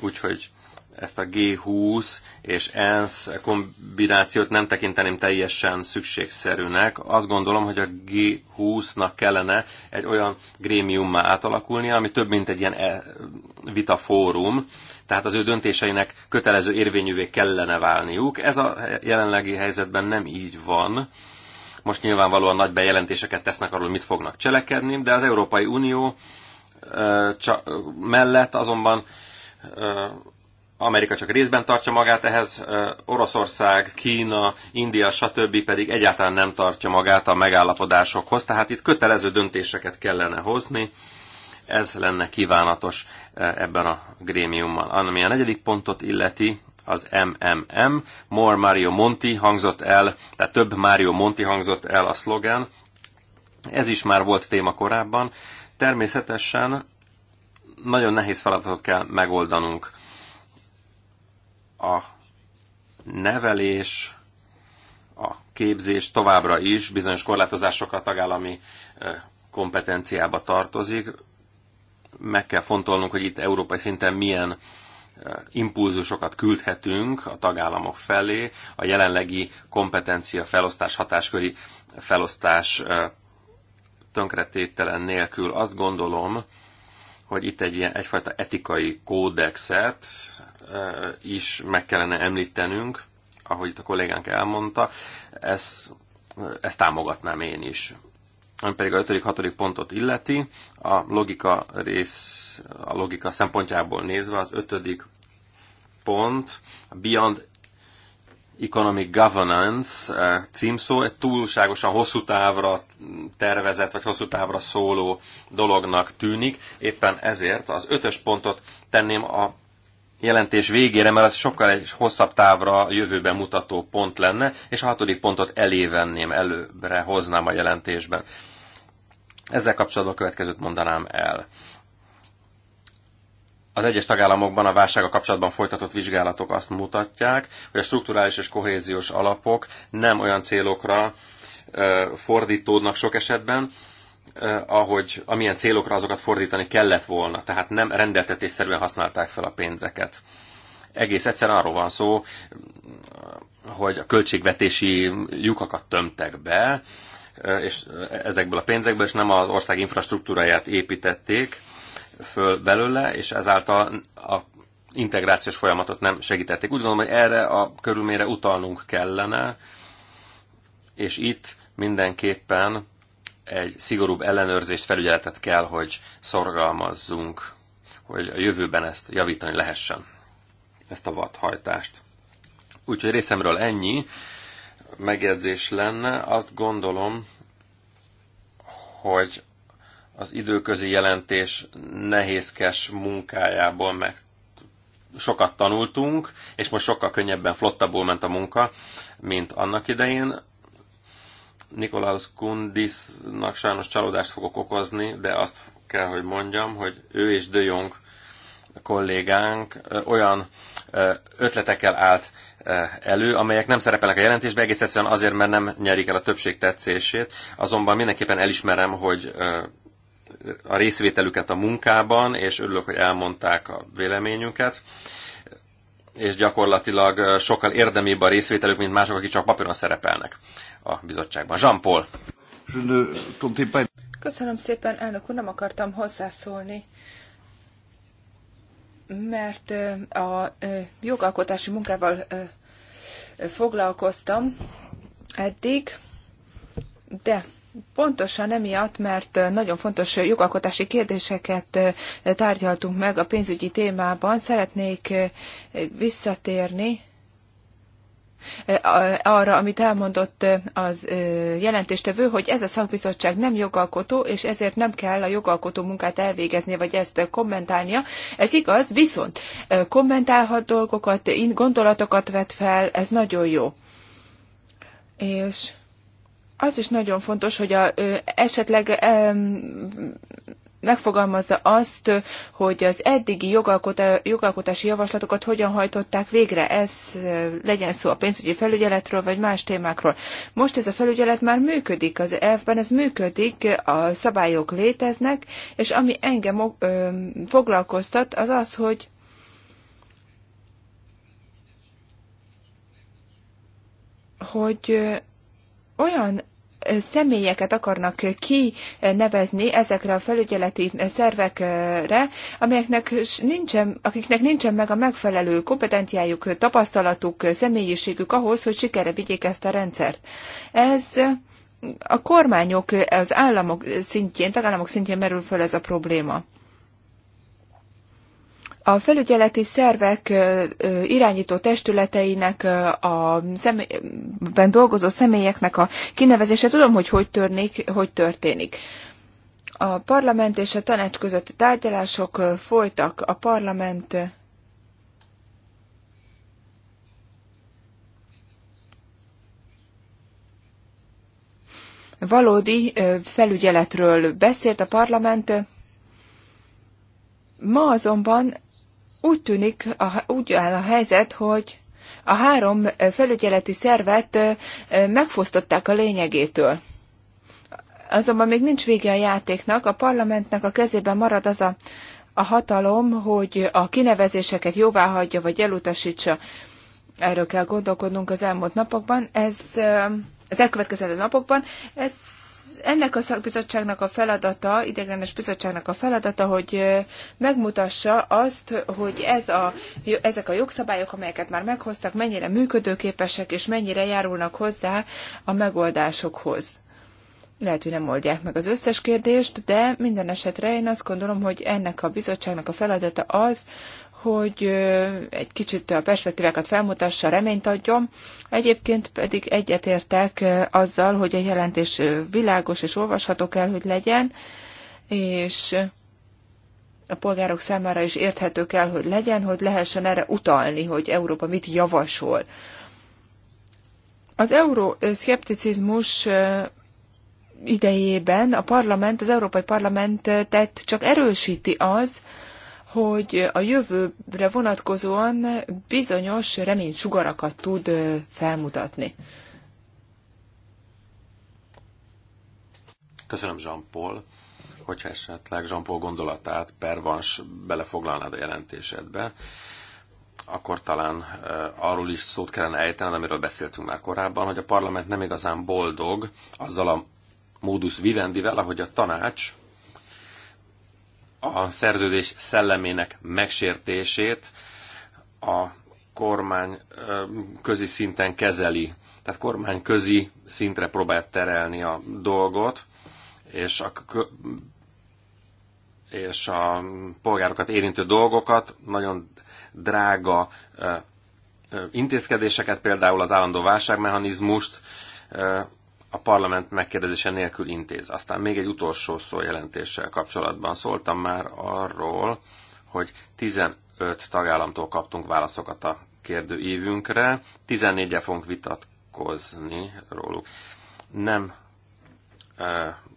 Speaker 2: úgyhogy ezt a G20 és ENSZ kombinációt nem tekinteném teljesen szükségszerűnek. Azt gondolom, hogy a G20-nak kellene egy olyan grémiummá átalakulnia, ami több, mint egy ilyen e- fórum, tehát az ő döntéseinek kötelező érvényűvé kellene válniuk. Ez a jelenlegi helyzetben nem így van. Most nyilvánvalóan nagy bejelentéseket tesznek arról, mit fognak cselekedni, de az Európai Unió mellett azonban Amerika csak részben tartja magát ehhez, Oroszország, Kína, India, stb. pedig egyáltalán nem tartja magát a megállapodásokhoz, tehát itt kötelező döntéseket kellene hozni, ez lenne kívánatos ebben a grémiumban. Ami a negyedik pontot illeti, az MMM, More Mario Monti hangzott el, tehát több Mario Monti hangzott el a szlogán. Ez is már volt téma korábban. Természetesen nagyon nehéz feladatot kell megoldanunk a nevelés, a képzés továbbra is bizonyos korlátozásokkal tagállami kompetenciába tartozik. Meg kell fontolnunk, hogy itt európai szinten milyen impulzusokat küldhetünk a tagállamok felé a jelenlegi kompetencia felosztás, hatásköri felosztás tönkretételen nélkül. Azt gondolom, hogy itt egy ilyen, egyfajta etikai kódexet, Eh, is meg kellene említenünk, ahogy itt a kollégánk elmondta, ezt, eh, ezt támogatnám én is. Ami pedig a 5.-6. pontot illeti, a logika rész, a logika szempontjából nézve az 5. pont, a Beyond Economic Governance eh, címszó egy túlságosan hosszú távra tervezett, vagy hosszú távra szóló dolognak tűnik. Éppen ezért az ötös pontot tenném a jelentés végére, mert az sokkal egy hosszabb távra jövőben mutató pont lenne, és a hatodik pontot elévenném, előbbre hoznám a jelentésben. Ezzel kapcsolatban a következőt mondanám el. Az egyes tagállamokban a válsága kapcsolatban folytatott vizsgálatok azt mutatják, hogy a strukturális és kohéziós alapok nem olyan célokra fordítódnak sok esetben, Eh, ahogy, amilyen célokra azokat fordítani kellett volna. Tehát nem rendeltetésszerűen használták fel a pénzeket. Egész egyszer arról van szó, hogy a költségvetési lyukakat tömtek be, eh, és ezekből a pénzekből, és nem az ország infrastruktúráját építették föl belőle, és ezáltal a integrációs folyamatot nem segítették. Úgy gondolom, hogy erre a körülményre utalnunk kellene, és itt mindenképpen egy szigorúbb ellenőrzést, felügyeletet kell, hogy szorgalmazzunk, hogy a jövőben ezt javítani lehessen, ezt a vadhajtást. Úgyhogy részemről ennyi megjegyzés lenne. Azt gondolom, hogy az időközi jelentés nehézkes munkájából meg sokat tanultunk, és most sokkal könnyebben, flottabbul ment a munka, mint annak idején. Nikolaus Kundisnak sajnos csalódást fogok okozni, de azt kell, hogy mondjam, hogy ő és De Jong kollégánk olyan ötletekkel állt elő, amelyek nem szerepelnek a jelentésbe, egész egyszerűen azért, mert nem nyerik el a többség tetszését, azonban mindenképpen elismerem, hogy a részvételüket a munkában, és örülök, hogy elmondták a véleményünket és gyakorlatilag sokkal érdemibb a részvételük, mint mások, akik csak papíron szerepelnek a bizottságban. Jean-Paul.
Speaker 1: Köszönöm
Speaker 3: szépen, elnök úr, nem akartam hozzászólni, mert a jogalkotási munkával foglalkoztam eddig, de Pontosan emiatt, mert nagyon fontos jogalkotási kérdéseket tárgyaltunk meg a pénzügyi témában, szeretnék visszatérni Eh, arra, amit elmondott eh, az eh, jelentéstevő, hogy ez a szakbizottság nem jogalkotó, és ezért nem kell a jogalkotó munkát elvégeznie vagy ezt kommentálnia. Ez igaz, viszont kommentálhat dolgokat, gondolatokat vet fel, ez nagyon jó. És az is nagyon fontos, hogy a, esetleg megfogalmazza azt, hogy az eddigi jogalkotási javaslatokat hogyan hajtották végre. Ez legyen szó a pénzügyi felügyeletről, vagy más témákról. Most ez a felügyelet már működik az EF-ben, ez működik, a szabályok léteznek, és ami engem foglalkoztat, az az, hogy hogy olyan személyeket akarnak kinevezni ezekre a felügyeleti szervekre, amelyeknek nincsen, akiknek nincsen meg a megfelelő kompetenciájuk, tapasztalatuk, személyiségük ahhoz, hogy sikerre vigyék ezt a rendszert. Ez a kormányok, az államok szintjén, tagállamok szintjén merül föl ez a probléma a felügyeleti szervek irányító testületeinek, a személyben dolgozó személyeknek a kinevezése, tudom, hogy hogy, törnik, hogy történik. A parlament és a tanács között tárgyalások folytak. A parlament valódi felügyeletről beszélt a parlament. Ma azonban úgy tűnik, a, úgy áll a helyzet, hogy a három felügyeleti szervet megfosztották a lényegétől. Azonban még nincs vége a játéknak, a parlamentnek a kezében marad az a, a hatalom, hogy a kinevezéseket jóvá hagyja vagy elutasítsa. Erről kell gondolkodnunk az elmúlt napokban. Ez az elkövetkező napokban. Ez ennek a szakbizottságnak a feladata, ideiglenes bizottságnak a feladata, hogy megmutassa azt, hogy ez a, ezek a jogszabályok, amelyeket már meghoztak, mennyire működőképesek, és mennyire járulnak hozzá a megoldásokhoz. Lehet, hogy nem oldják meg az összes kérdést, de minden esetre én azt gondolom, hogy ennek a bizottságnak a feladata az, hogy egy kicsit a perspektívákat felmutassa, reményt adjon. Egyébként pedig egyetértek azzal, hogy a jelentés világos és olvasható kell, hogy legyen, és a polgárok számára is érthető kell, hogy legyen, hogy lehessen erre utalni, hogy Európa mit javasol. Az euroszkepticizmus idejében a parlament, az Európai Parlament tett csak erősíti az, hogy a jövőre vonatkozóan bizonyos reménysugarakat tud felmutatni.
Speaker 2: Köszönöm, Jean-Paul. Hogyha esetleg Jean-Paul gondolatát pervans belefoglalnád a jelentésedbe, akkor talán arról is szót kellene ejtened, amiről beszéltünk már korábban, hogy a parlament nem igazán boldog azzal a módusz vivendivel, ahogy a tanács a szerződés szellemének megsértését a kormány közi szinten kezeli. Tehát kormány közi szintre próbál terelni a dolgot, és a, és a polgárokat érintő dolgokat, nagyon drága intézkedéseket, például az állandó válságmechanizmust a parlament megkérdezése nélkül intéz. Aztán még egy utolsó szó jelentéssel kapcsolatban szóltam már arról, hogy 15 tagállamtól kaptunk válaszokat a évünkre, 14 e fogunk vitatkozni róluk. Nem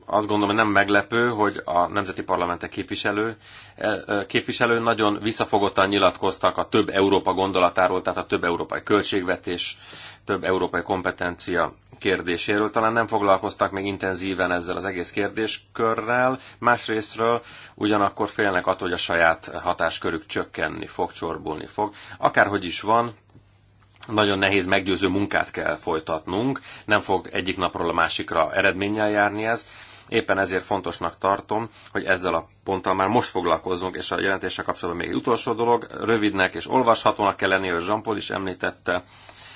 Speaker 2: azt gondolom, hogy nem meglepő, hogy a nemzeti parlamentek képviselő, eh, eh, képviselő nagyon visszafogottan nyilatkoztak a több Európa gondolatáról, tehát a több európai költségvetés, több európai kompetencia kérdéséről. Talán nem foglalkoztak még intenzíven ezzel az egész kérdéskörrel. Másrésztről ugyanakkor félnek attól, hogy a saját hatáskörük csökkenni fog, csorbulni fog. Akárhogy is van, nagyon nehéz meggyőző munkát kell folytatnunk, nem fog egyik napról a másikra eredménnyel járni ez, Éppen ezért fontosnak tartom, hogy ezzel a ponttal már most foglalkozzunk, és a jelentéssel kapcsolatban még egy utolsó dolog, rövidnek és olvashatónak kell lenni hogy jean is említette,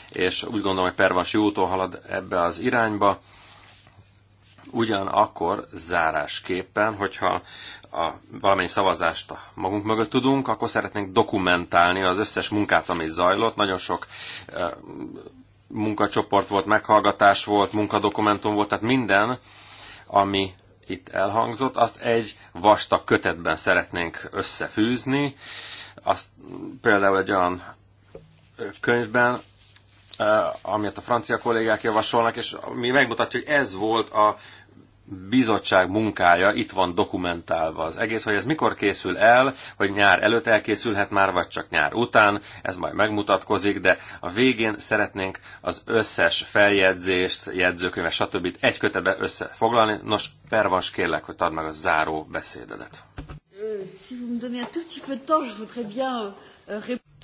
Speaker 2: és úgy gondolom, hogy Pervas jó úton halad ebbe az irányba. Ugyanakkor zárásképpen, hogyha a valamennyi szavazást magunk mögött tudunk, akkor szeretnénk dokumentálni az összes munkát, ami zajlott. Nagyon sok eh, munkacsoport volt, meghallgatás volt, munkadokumentum volt, tehát minden ami itt elhangzott, azt egy vastag kötetben szeretnénk összefűzni, azt például egy olyan könyvben, amit a francia kollégák javasolnak, és mi megmutatja, hogy ez volt a bizottság munkája itt van dokumentálva az egész, hogy ez mikor készül el, hogy nyár előtt elkészülhet már, vagy csak nyár után, ez majd megmutatkozik, de a végén szeretnénk az összes feljegyzést, jegyzőkönyvet, stb. egy kötebe összefoglalni. Nos, Pervas, kérlek, hogy tard meg a záró beszédedet.
Speaker 1: Uh, si vous me donnez un tout petit peu de temps, je voudrais bien euh,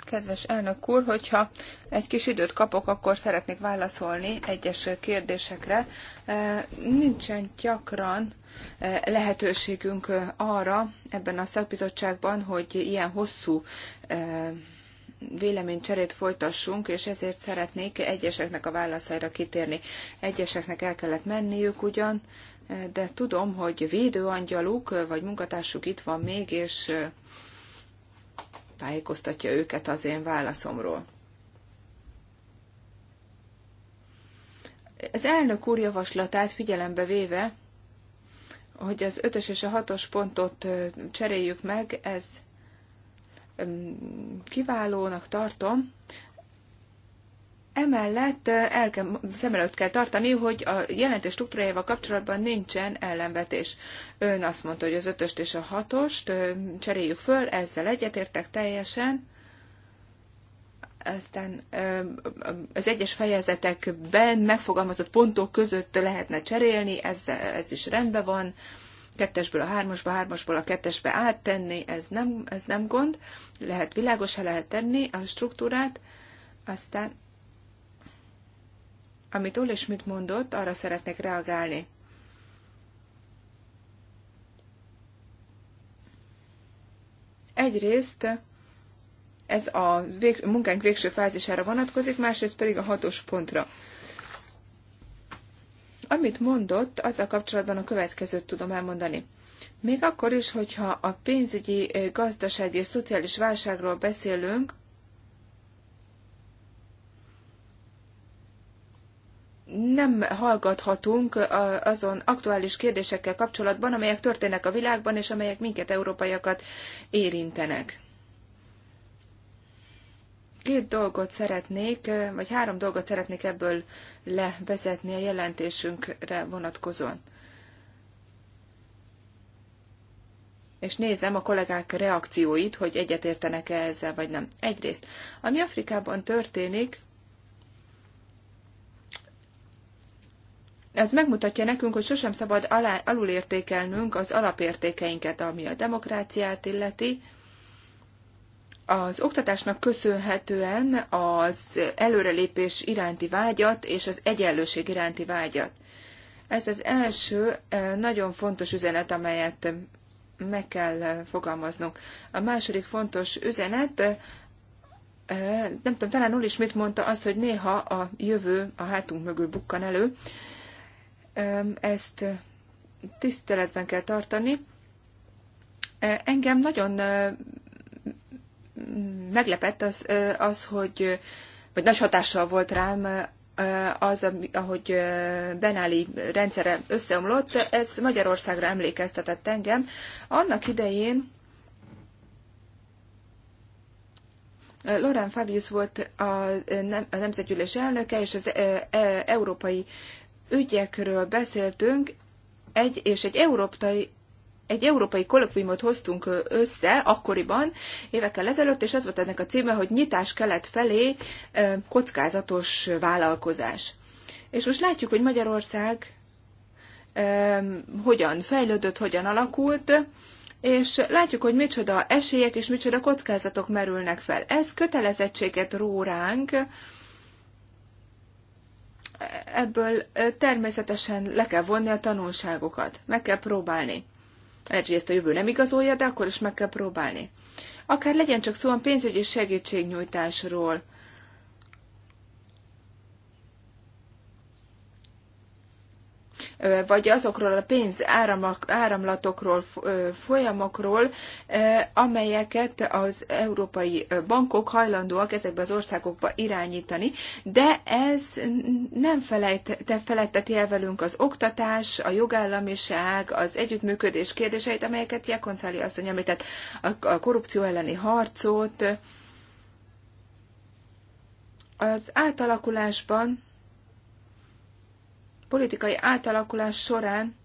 Speaker 3: Kedves elnök úr, hogyha egy kis időt kapok, akkor szeretnék válaszolni egyes kérdésekre. E, nincsen gyakran e, lehetőségünk e, arra ebben a szakbizottságban, hogy ilyen hosszú véleménycserét folytassunk, és ezért szeretnék egyeseknek a válaszaira kitérni. Egyeseknek el kellett menniük ugyan, de tudom, hogy védőangyaluk vagy munkatársuk itt van még, és tájékoztatja őket az én válaszomról. Az elnök úr javaslatát figyelembe véve, hogy az ötös és a hatos pontot cseréljük meg, ez kiválónak tartom, Emellett el kell, szem előtt kell tartani, hogy a jelentés struktúrájával kapcsolatban nincsen ellenvetés. Ön azt mondta, hogy az ötöst és a hatost cseréljük föl, ezzel egyetértek teljesen. Aztán az egyes fejezetekben megfogalmazott pontok között lehetne cserélni, ez, ez is rendben van. Kettesből a hármasba, hármasból a kettesbe áttenni, ez nem, ez nem gond. Lehet világosá lehet tenni a struktúrát. Aztán amit Ole Schmidt mondott, arra szeretnék reagálni. Egyrészt ez a vég, munkánk végső fázisára vonatkozik, másrészt pedig a hatos pontra. Amit mondott, az a kapcsolatban a következőt tudom elmondani. Még akkor is, hogyha a pénzügyi, gazdasági és szociális válságról beszélünk, nem hallgathatunk azon aktuális kérdésekkel kapcsolatban, amelyek történnek a világban, és amelyek minket, európaiakat érintenek. Két dolgot szeretnék, vagy három dolgot szeretnék ebből levezetni a jelentésünkre vonatkozóan. és nézem a kollégák reakcióit, hogy egyetértenek-e ezzel, vagy nem. Egyrészt, ami Afrikában történik, Ez megmutatja nekünk, hogy sosem szabad alá, alulértékelnünk az alapértékeinket, ami a demokráciát illeti. Az oktatásnak köszönhetően az előrelépés iránti vágyat és az egyenlőség iránti vágyat. Ez az első eh, nagyon fontos üzenet, amelyet meg kell eh, fogalmaznunk. A második fontos üzenet, eh, nem tudom, talán Uli Schmidt mondta azt, hogy néha a jövő a hátunk mögül bukkan elő, ezt tiszteletben kell tartani. Engem nagyon meglepett az, az hogy, vagy nagy hatással volt rám az, ahogy Benáli rendszere összeomlott, ez Magyarországra emlékeztetett engem. Annak idején Lorán Fabius volt a, nem, a nemzetgyűlés elnöke, és az e, Európai ügyekről beszéltünk, egy, és egy európai, egy európai kollokviumot hoztunk össze akkoriban, évekkel ezelőtt, és az volt ennek a címe, hogy Nyitás kelet felé kockázatos vállalkozás. És most látjuk, hogy Magyarország hogyan fejlődött, hogyan alakult, és látjuk, hogy micsoda esélyek és micsoda kockázatok merülnek fel. Ez kötelezettséget ró ránk, ebből természetesen le kell vonni a tanulságokat. Meg kell próbálni. Lehet, hogy ezt a jövő nem igazolja, de akkor is meg kell próbálni. Akár legyen csak szó a pénzügyi segítségnyújtásról, vagy azokról a pénz áramlatokról, folyamokról, amelyeket az európai bankok hajlandóak ezekbe az országokba irányítani, de ez nem felejtette, feletteti el velünk az oktatás, a jogállamiság, az együttműködés kérdéseit, amelyeket Jekonszáli asszony említett, a korrupció elleni harcot, az átalakulásban politikai átalakulás során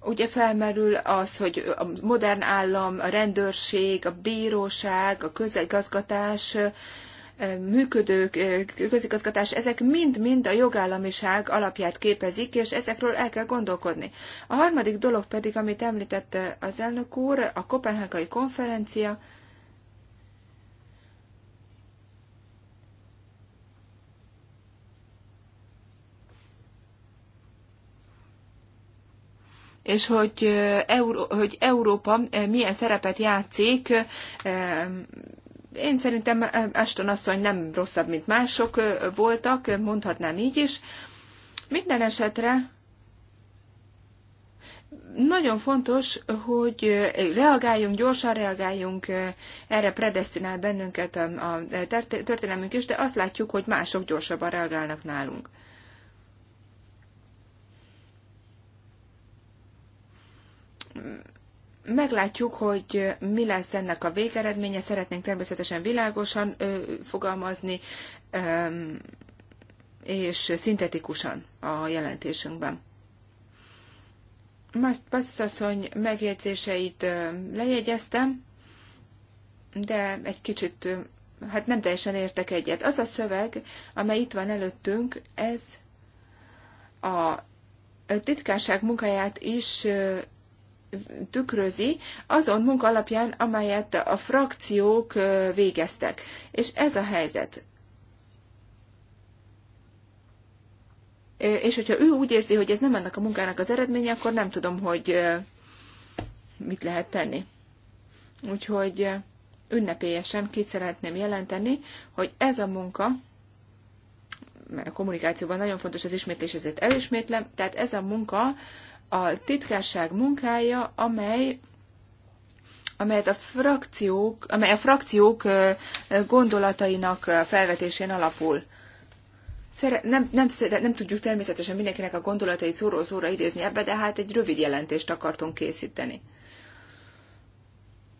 Speaker 3: ugye felmerül az, hogy a modern állam, a rendőrség, a bíróság, a közigazgatás, működők, közigazgatás, ezek mind-mind a jogállamiság alapját képezik, és ezekről el kell gondolkodni. A harmadik dolog pedig, amit említette az elnök úr, a Kopenhágai konferencia, és hogy, Euró- hogy Európa milyen szerepet játszik. Én szerintem Aston asszony nem rosszabb, mint mások voltak, mondhatnám így is. Minden esetre nagyon fontos, hogy reagáljunk, gyorsan reagáljunk, erre predestinál bennünket a, a történelmünk is, de azt látjuk, hogy mások gyorsabban reagálnak nálunk. Meglátjuk, hogy mi lesz ennek a végeredménye. Szeretnénk természetesen világosan fogalmazni, és szintetikusan a jelentésünkben. Most asszony megjegyzéseit lejegyeztem, de egy kicsit, hát nem teljesen értek egyet. Az a szöveg, amely itt van előttünk, ez a titkárság munkáját is tükrözi azon munka alapján, amelyet a frakciók végeztek. És ez a helyzet. És hogyha ő úgy érzi, hogy ez nem ennek a munkának az eredménye, akkor nem tudom, hogy mit lehet tenni. Úgyhogy ünnepélyesen ki szeretném jelenteni, hogy ez a munka, mert a kommunikációban nagyon fontos az ismétlés, ezért elismétlem, tehát ez a munka a titkárság munkája, amely amelyet a frakciók, amely a frakciók gondolatainak felvetésén alapul. Szere, nem, nem, nem tudjuk természetesen mindenkinek a gondolatait szóról-szóra idézni ebbe, de hát egy rövid jelentést akartunk készíteni.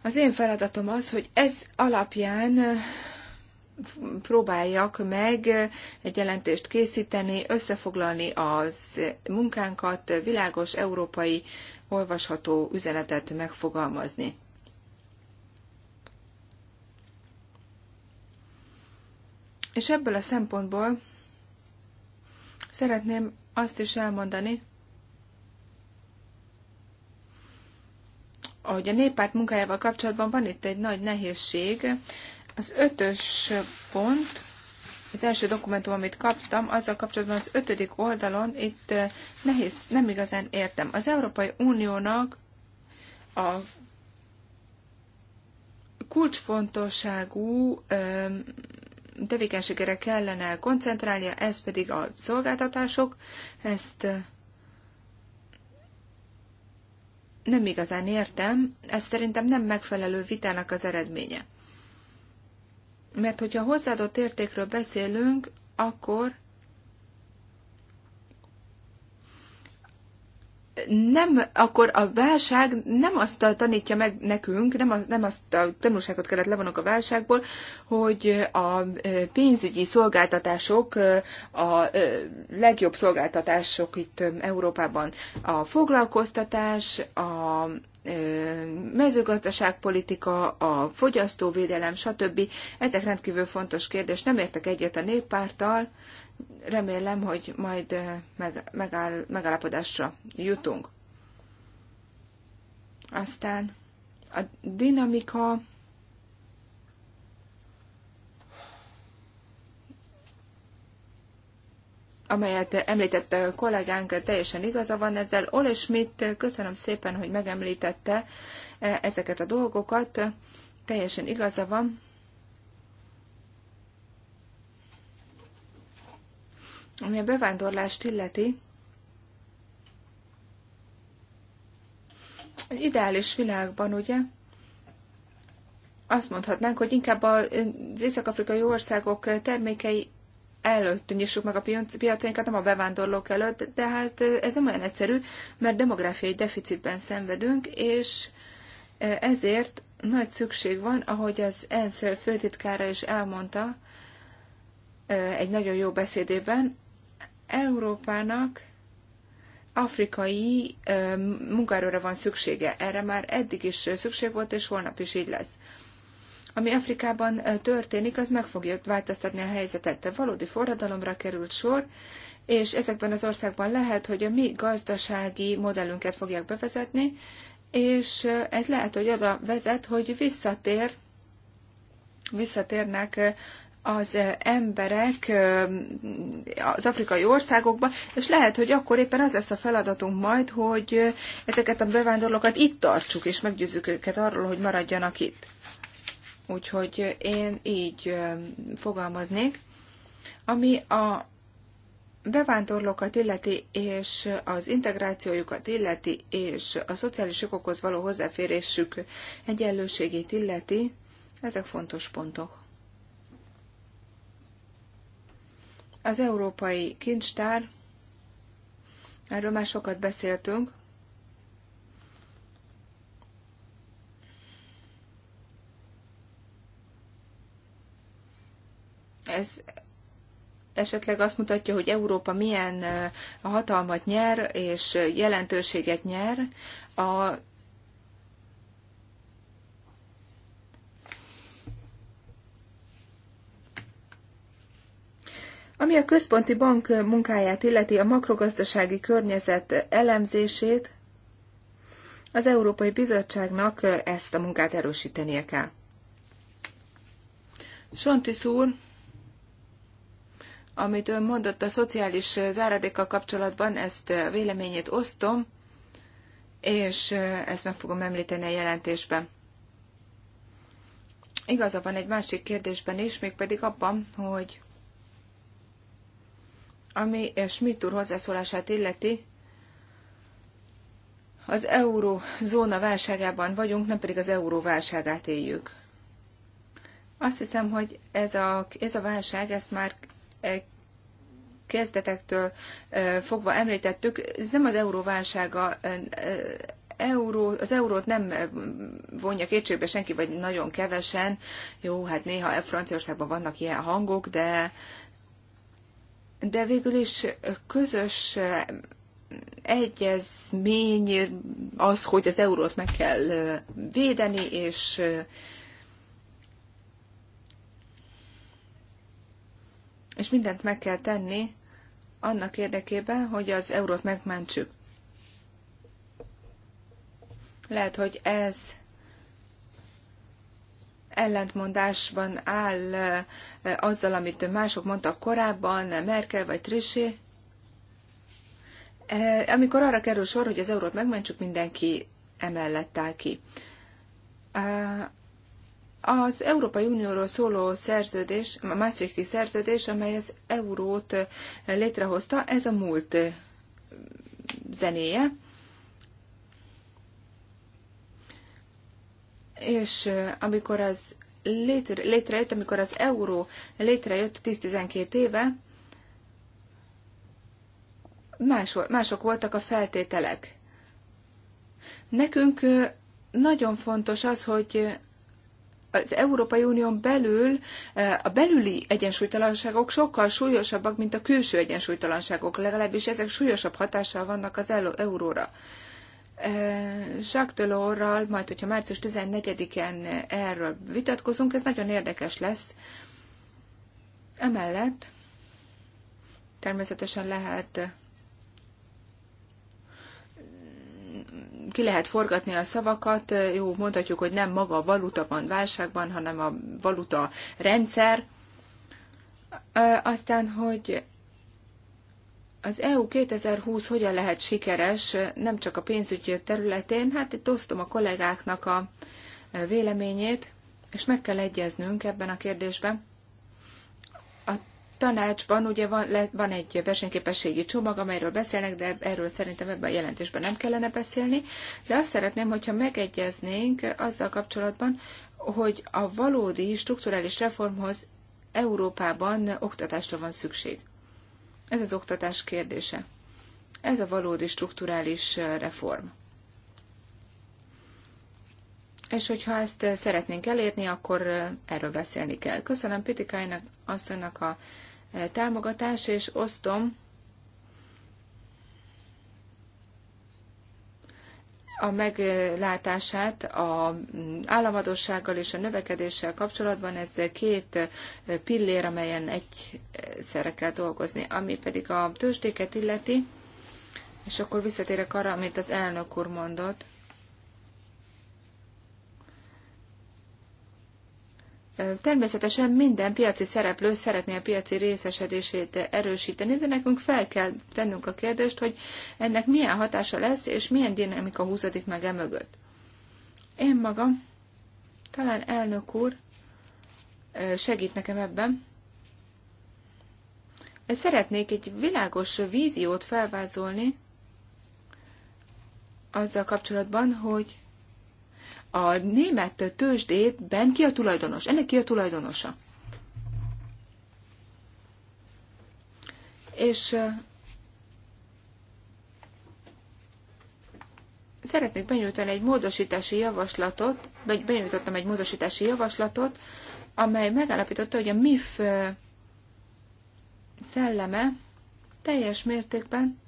Speaker 3: Az én feladatom az, hogy ez alapján próbáljak meg egy jelentést készíteni, összefoglalni az munkánkat, világos európai olvasható üzenetet megfogalmazni. És ebből a szempontból szeretném azt is elmondani, hogy a néppárt munkájával kapcsolatban van itt egy nagy nehézség, az ötös pont, az első dokumentum, amit kaptam, azzal kapcsolatban az ötödik oldalon itt eh, nehéz, nem igazán értem. Az Európai Uniónak a kulcsfontosságú tevékenységére kellene koncentrálnia, ez pedig a szolgáltatások. Ezt eh, nem igazán értem, ez szerintem nem megfelelő vitának az eredménye. Mert hogyha hozzáadott értékről beszélünk, akkor nem, akkor a válság nem azt tanítja meg nekünk, nem, az, nem azt a tanulságot kellett levonok a válságból, hogy a pénzügyi szolgáltatások a legjobb szolgáltatások itt Európában. A foglalkoztatás, a mezőgazdaságpolitika, a fogyasztóvédelem, stb. Ezek rendkívül fontos kérdés. Nem értek egyet a néppárttal, remélem, hogy majd megáll, megállapodásra jutunk. Aztán a dinamika amelyet említette a kollégánk, teljesen igaza van ezzel. Ole Schmidt, köszönöm szépen, hogy megemlítette eh, ezeket a dolgokat. Teljesen igaza van. Ami a bevándorlást illeti, egy ideális világban, ugye, azt mondhatnánk, hogy inkább az észak-afrikai országok termékei előtt nyissuk meg a piacainkat, nem a bevándorlók előtt, de hát ez nem olyan egyszerű, mert demográfiai deficitben szenvedünk, és e, ezért nagy szükség van, ahogy az ENSZ főtitkára is elmondta e, egy nagyon jó beszédében, Európának afrikai e, munkáról van szüksége. Erre már eddig is szükség volt, és holnap is így lesz ami Afrikában történik, az meg fogja változtatni a helyzetet. De valódi forradalomra került sor, és ezekben az országban lehet, hogy a mi gazdasági modellünket fogják bevezetni, és ez lehet, hogy oda vezet, hogy visszatér, visszatérnek az emberek az afrikai országokba, és lehet, hogy akkor éppen az lesz a feladatunk majd, hogy ezeket a bevándorlókat itt tartsuk, és meggyőzzük őket arról, hogy maradjanak itt. Úgyhogy én így fogalmaznék. Ami a bevándorlókat illeti, és az integrációjukat illeti, és a szociális jogokhoz való hozzáférésük egyenlőségét illeti, ezek fontos pontok. Az európai kincstár, erről már sokat beszéltünk, ez esetleg azt mutatja, hogy Európa milyen a hatalmat nyer, és jelentőséget nyer. A Ami a központi bank munkáját illeti a makrogazdasági környezet elemzését, az Európai Bizottságnak ezt a munkát erősítenie kell. Sontis úr, amit ön mondott a szociális záradékkal kapcsolatban, ezt eh, véleményét osztom, és eh, ezt meg fogom említeni a jelentésben. Igaza van egy másik kérdésben is, mégpedig abban, hogy ami eh, Schmidt úr hozzászólását illeti, az eurózóna válságában vagyunk, nem pedig az euró válságát éljük. Azt hiszem, hogy ez a, ez a válság, ezt már E, kezdetektől e, fogva említettük, ez nem az euróválsága, e, euró, az eurót nem vonja kétségbe senki, vagy nagyon kevesen. Jó, hát néha Franciaországban vannak ilyen hangok, de, de végül is közös egyezmény az, hogy az eurót meg kell védeni, és és mindent meg kell tenni annak érdekében, hogy az eurót megmentsük. Lehet, hogy ez ellentmondásban áll azzal, amit mások mondtak korábban, Merkel vagy Trichet, amikor arra kerül sor, hogy az eurót megmentsük, mindenki emellett áll ki. Az Európai Unióról szóló szerződés, a Maastrichti szerződés, amely az eurót létrehozta, ez a múlt zenéje. És eh, amikor az létre, létrejött, amikor az euró létrejött 10-12 éve, más, mások voltak a feltételek. Nekünk eh, nagyon fontos az, hogy az Európai Unión belül eh, a belüli egyensúlytalanságok sokkal súlyosabbak, mint a külső egyensúlytalanságok, legalábbis ezek súlyosabb hatással vannak az euróra. Eh, Jacques Delorral, majd hogyha március 14-en erről vitatkozunk, ez nagyon érdekes lesz. Emellett természetesen lehet ki lehet forgatni a szavakat, jó, mondhatjuk, hogy nem maga a valuta van válságban, hanem a valuta rendszer. Aztán, hogy az EU 2020 hogyan lehet sikeres, nem csak a pénzügyi területén, hát itt osztom a kollégáknak a véleményét, és meg kell egyeznünk ebben a kérdésben tanácsban ugye van, le, van egy versenyképességi csomag, amelyről beszélnek, de erről szerintem ebben a jelentésben nem kellene beszélni. De azt szeretném, hogyha megegyeznénk azzal kapcsolatban, hogy a valódi strukturális reformhoz Európában oktatásra van szükség. Ez az oktatás kérdése. Ez a valódi strukturális reform. És hogyha ezt szeretnénk elérni, akkor erről beszélni kell. Köszönöm Pitikájnak asszonynak a támogatás, és osztom a meglátását a államadossággal és a növekedéssel kapcsolatban. Ez két pillér, amelyen egyszerre kell dolgozni. Ami pedig a tőzsdéket illeti, és akkor visszatérek arra, amit az elnök úr mondott. Természetesen minden piaci szereplő szeretné a piaci részesedését erősíteni, de nekünk fel kell tennünk a kérdést, hogy ennek milyen hatása lesz, és milyen dinamika húzódik meg e mögött. Én magam, talán elnök úr segít nekem ebben. Szeretnék egy világos víziót felvázolni azzal kapcsolatban, hogy a német tőzsdétben ki a tulajdonos? Ennek ki a tulajdonosa? És szeretnék benyújtani egy módosítási javaslatot, vagy benyújtottam egy módosítási javaslatot, amely megállapította, hogy a MIF szelleme teljes mértékben,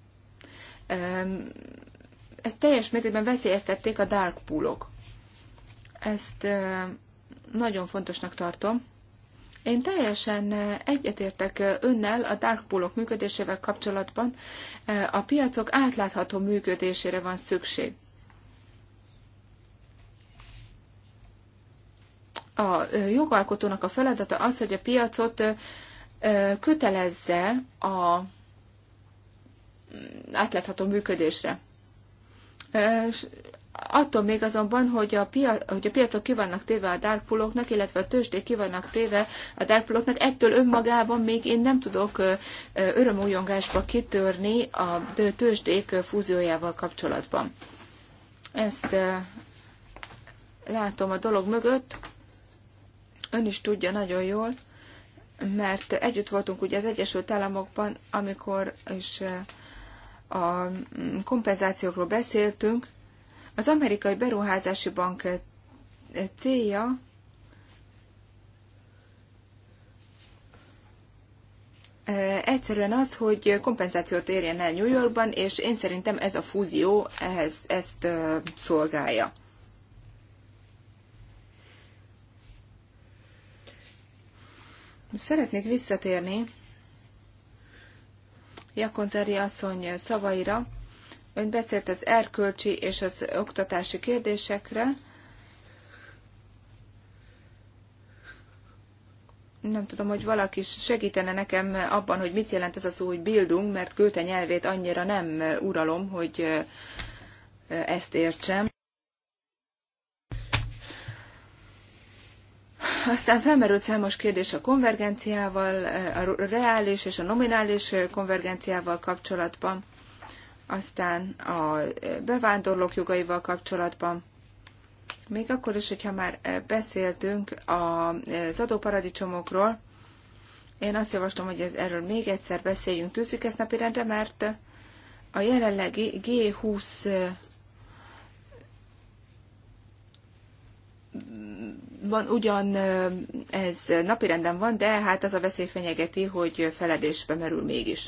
Speaker 3: ezt teljes mértékben veszélyeztették a dark poolok. Ezt nagyon fontosnak tartom. Én teljesen egyetértek önnel a dark poolok működésével kapcsolatban. A piacok átlátható működésére van szükség. a jogalkotónak a feladata az, hogy a piacot kötelezze a átlátható működésre. Attól még azonban, hogy a, piac, hogy a piacok ki vannak téve a dark pooloknak, illetve a tőzsdék ki vannak téve a dark pooloknak, ettől önmagában még én nem tudok örömújongásba kitörni a tőzsdék fúziójával kapcsolatban. Ezt látom a dolog mögött. Ön is tudja nagyon jól, mert együtt voltunk ugye az Egyesült Államokban, amikor is a mm, kompenzációkról beszéltünk, az amerikai beruházási bank eh, célja eh, egyszerűen az, hogy kompenzációt érjen el New Yorkban, és én szerintem ez a fúzió ehhez, ezt eh, szolgálja. Szeretnék visszatérni Jakonzeri asszony szavaira, Ön beszélt az erkölcsi és az oktatási kérdésekre. Nem tudom, hogy valaki segítene nekem abban, hogy mit jelent ez a szó, hogy bildung, mert Göte nyelvét annyira nem uralom, hogy ezt értsem. Aztán felmerült számos kérdés a konvergenciával, a reális és a nominális konvergenciával kapcsolatban aztán a bevándorlók jogaival kapcsolatban, még akkor is, hogyha már beszéltünk az adóparadicsomokról, én azt javaslom, hogy ez erről még egyszer beszéljünk, tűzzük ezt napirendre, mert a jelenlegi G20 van ugyan ez napirenden van, de hát az a veszély fenyegeti, hogy feledésbe merül mégis.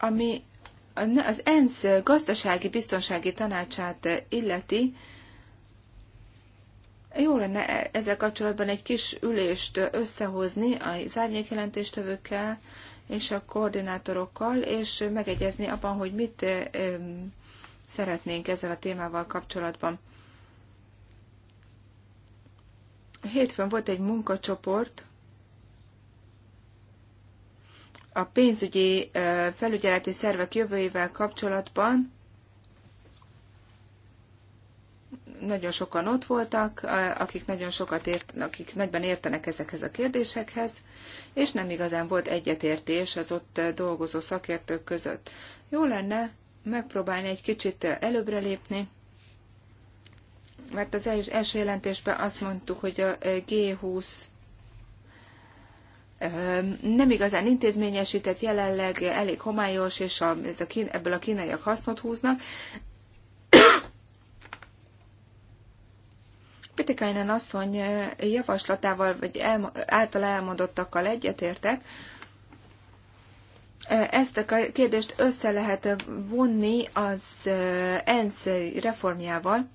Speaker 3: ami az ENSZ gazdasági biztonsági tanácsát illeti, jó lenne e- ezzel kapcsolatban egy kis ülést összehozni a árnyékjelentéstevőkkel és a koordinátorokkal, és megegyezni abban, hogy mit szeretnénk ezzel a témával kapcsolatban. Hétfőn volt egy munkacsoport, a pénzügyi felügyeleti szervek jövőjével kapcsolatban nagyon sokan ott voltak, akik nagyon sokat ért, akik nagyban értenek ezekhez a kérdésekhez, és nem igazán volt egyetértés az ott dolgozó szakértők között. Jó lenne megpróbálni egy kicsit előbbre lépni, mert az első jelentésben azt mondtuk, hogy a G20 nem igazán intézményesített, jelenleg elég homályos, és a, ez a kín, ebből a kínaiak hasznot húznak. Pitikainen asszony javaslatával, vagy el, által elmondottakkal egyetértek, ezt a kérdést össze lehet vonni az ENSZ reformjával.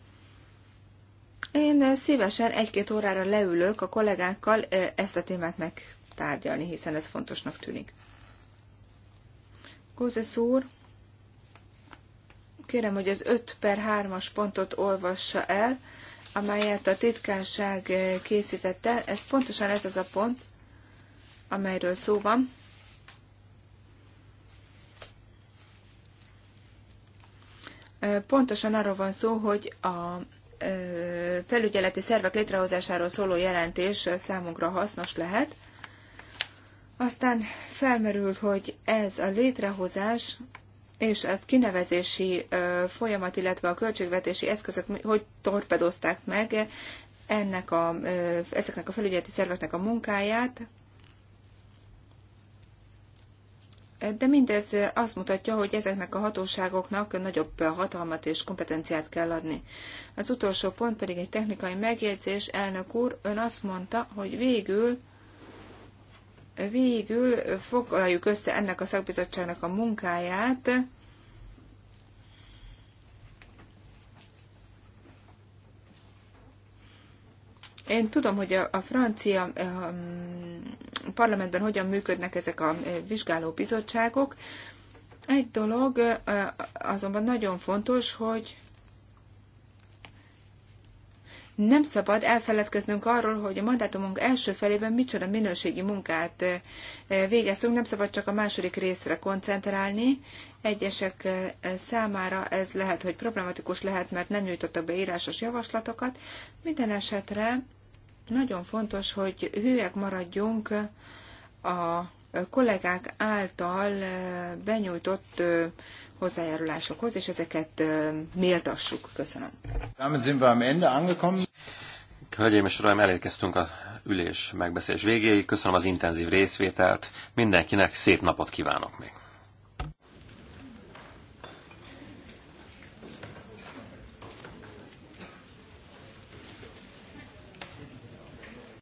Speaker 3: Én szívesen egy-két órára leülök a kollégákkal, ezt a témát meg tárgyalni, hiszen ez fontosnak tűnik. Gózes úr, kérem, hogy az 5 per 3-as pontot olvassa el, amelyet a titkánság készítette. Ez pontosan ez az a pont, amelyről szó van. Pontosan arról van szó, hogy a felügyeleti szervek létrehozásáról szóló jelentés számunkra hasznos lehet. Aztán felmerült, hogy ez a létrehozás és az kinevezési folyamat, illetve a költségvetési eszközök hogy torpedozták meg ennek a, ezeknek a felügyeleti szerveknek a munkáját. De mindez azt mutatja, hogy ezeknek a hatóságoknak nagyobb hatalmat és kompetenciát kell adni. Az utolsó pont pedig egy technikai megjegyzés. Elnök úr, ön azt mondta, hogy végül Végül foglaljuk össze ennek a szakbizottságnak a munkáját. Én tudom, hogy a, francia um, parlamentben hogyan működnek ezek a eh, vizsgáló bizottságok. Egy dolog eh, azonban nagyon fontos, hogy nem szabad elfeledkeznünk arról, hogy a mandátumunk első felében micsoda minőségi munkát végeztünk, nem szabad csak a második részre koncentrálni. Egyesek számára ez lehet, hogy problematikus lehet, mert nem nyújtottak be írásos javaslatokat. Minden esetre nagyon fontos, hogy hűek maradjunk a kollégák által benyújtott hozzájárulásokhoz, és ezeket méltassuk. Köszönöm.
Speaker 2: Damit sind wir am Ende angekommen. Hölgyeim és Uraim, elérkeztünk a ülés megbeszélés végéig. Köszönöm az intenzív részvételt. Mindenkinek szép napot kívánok még.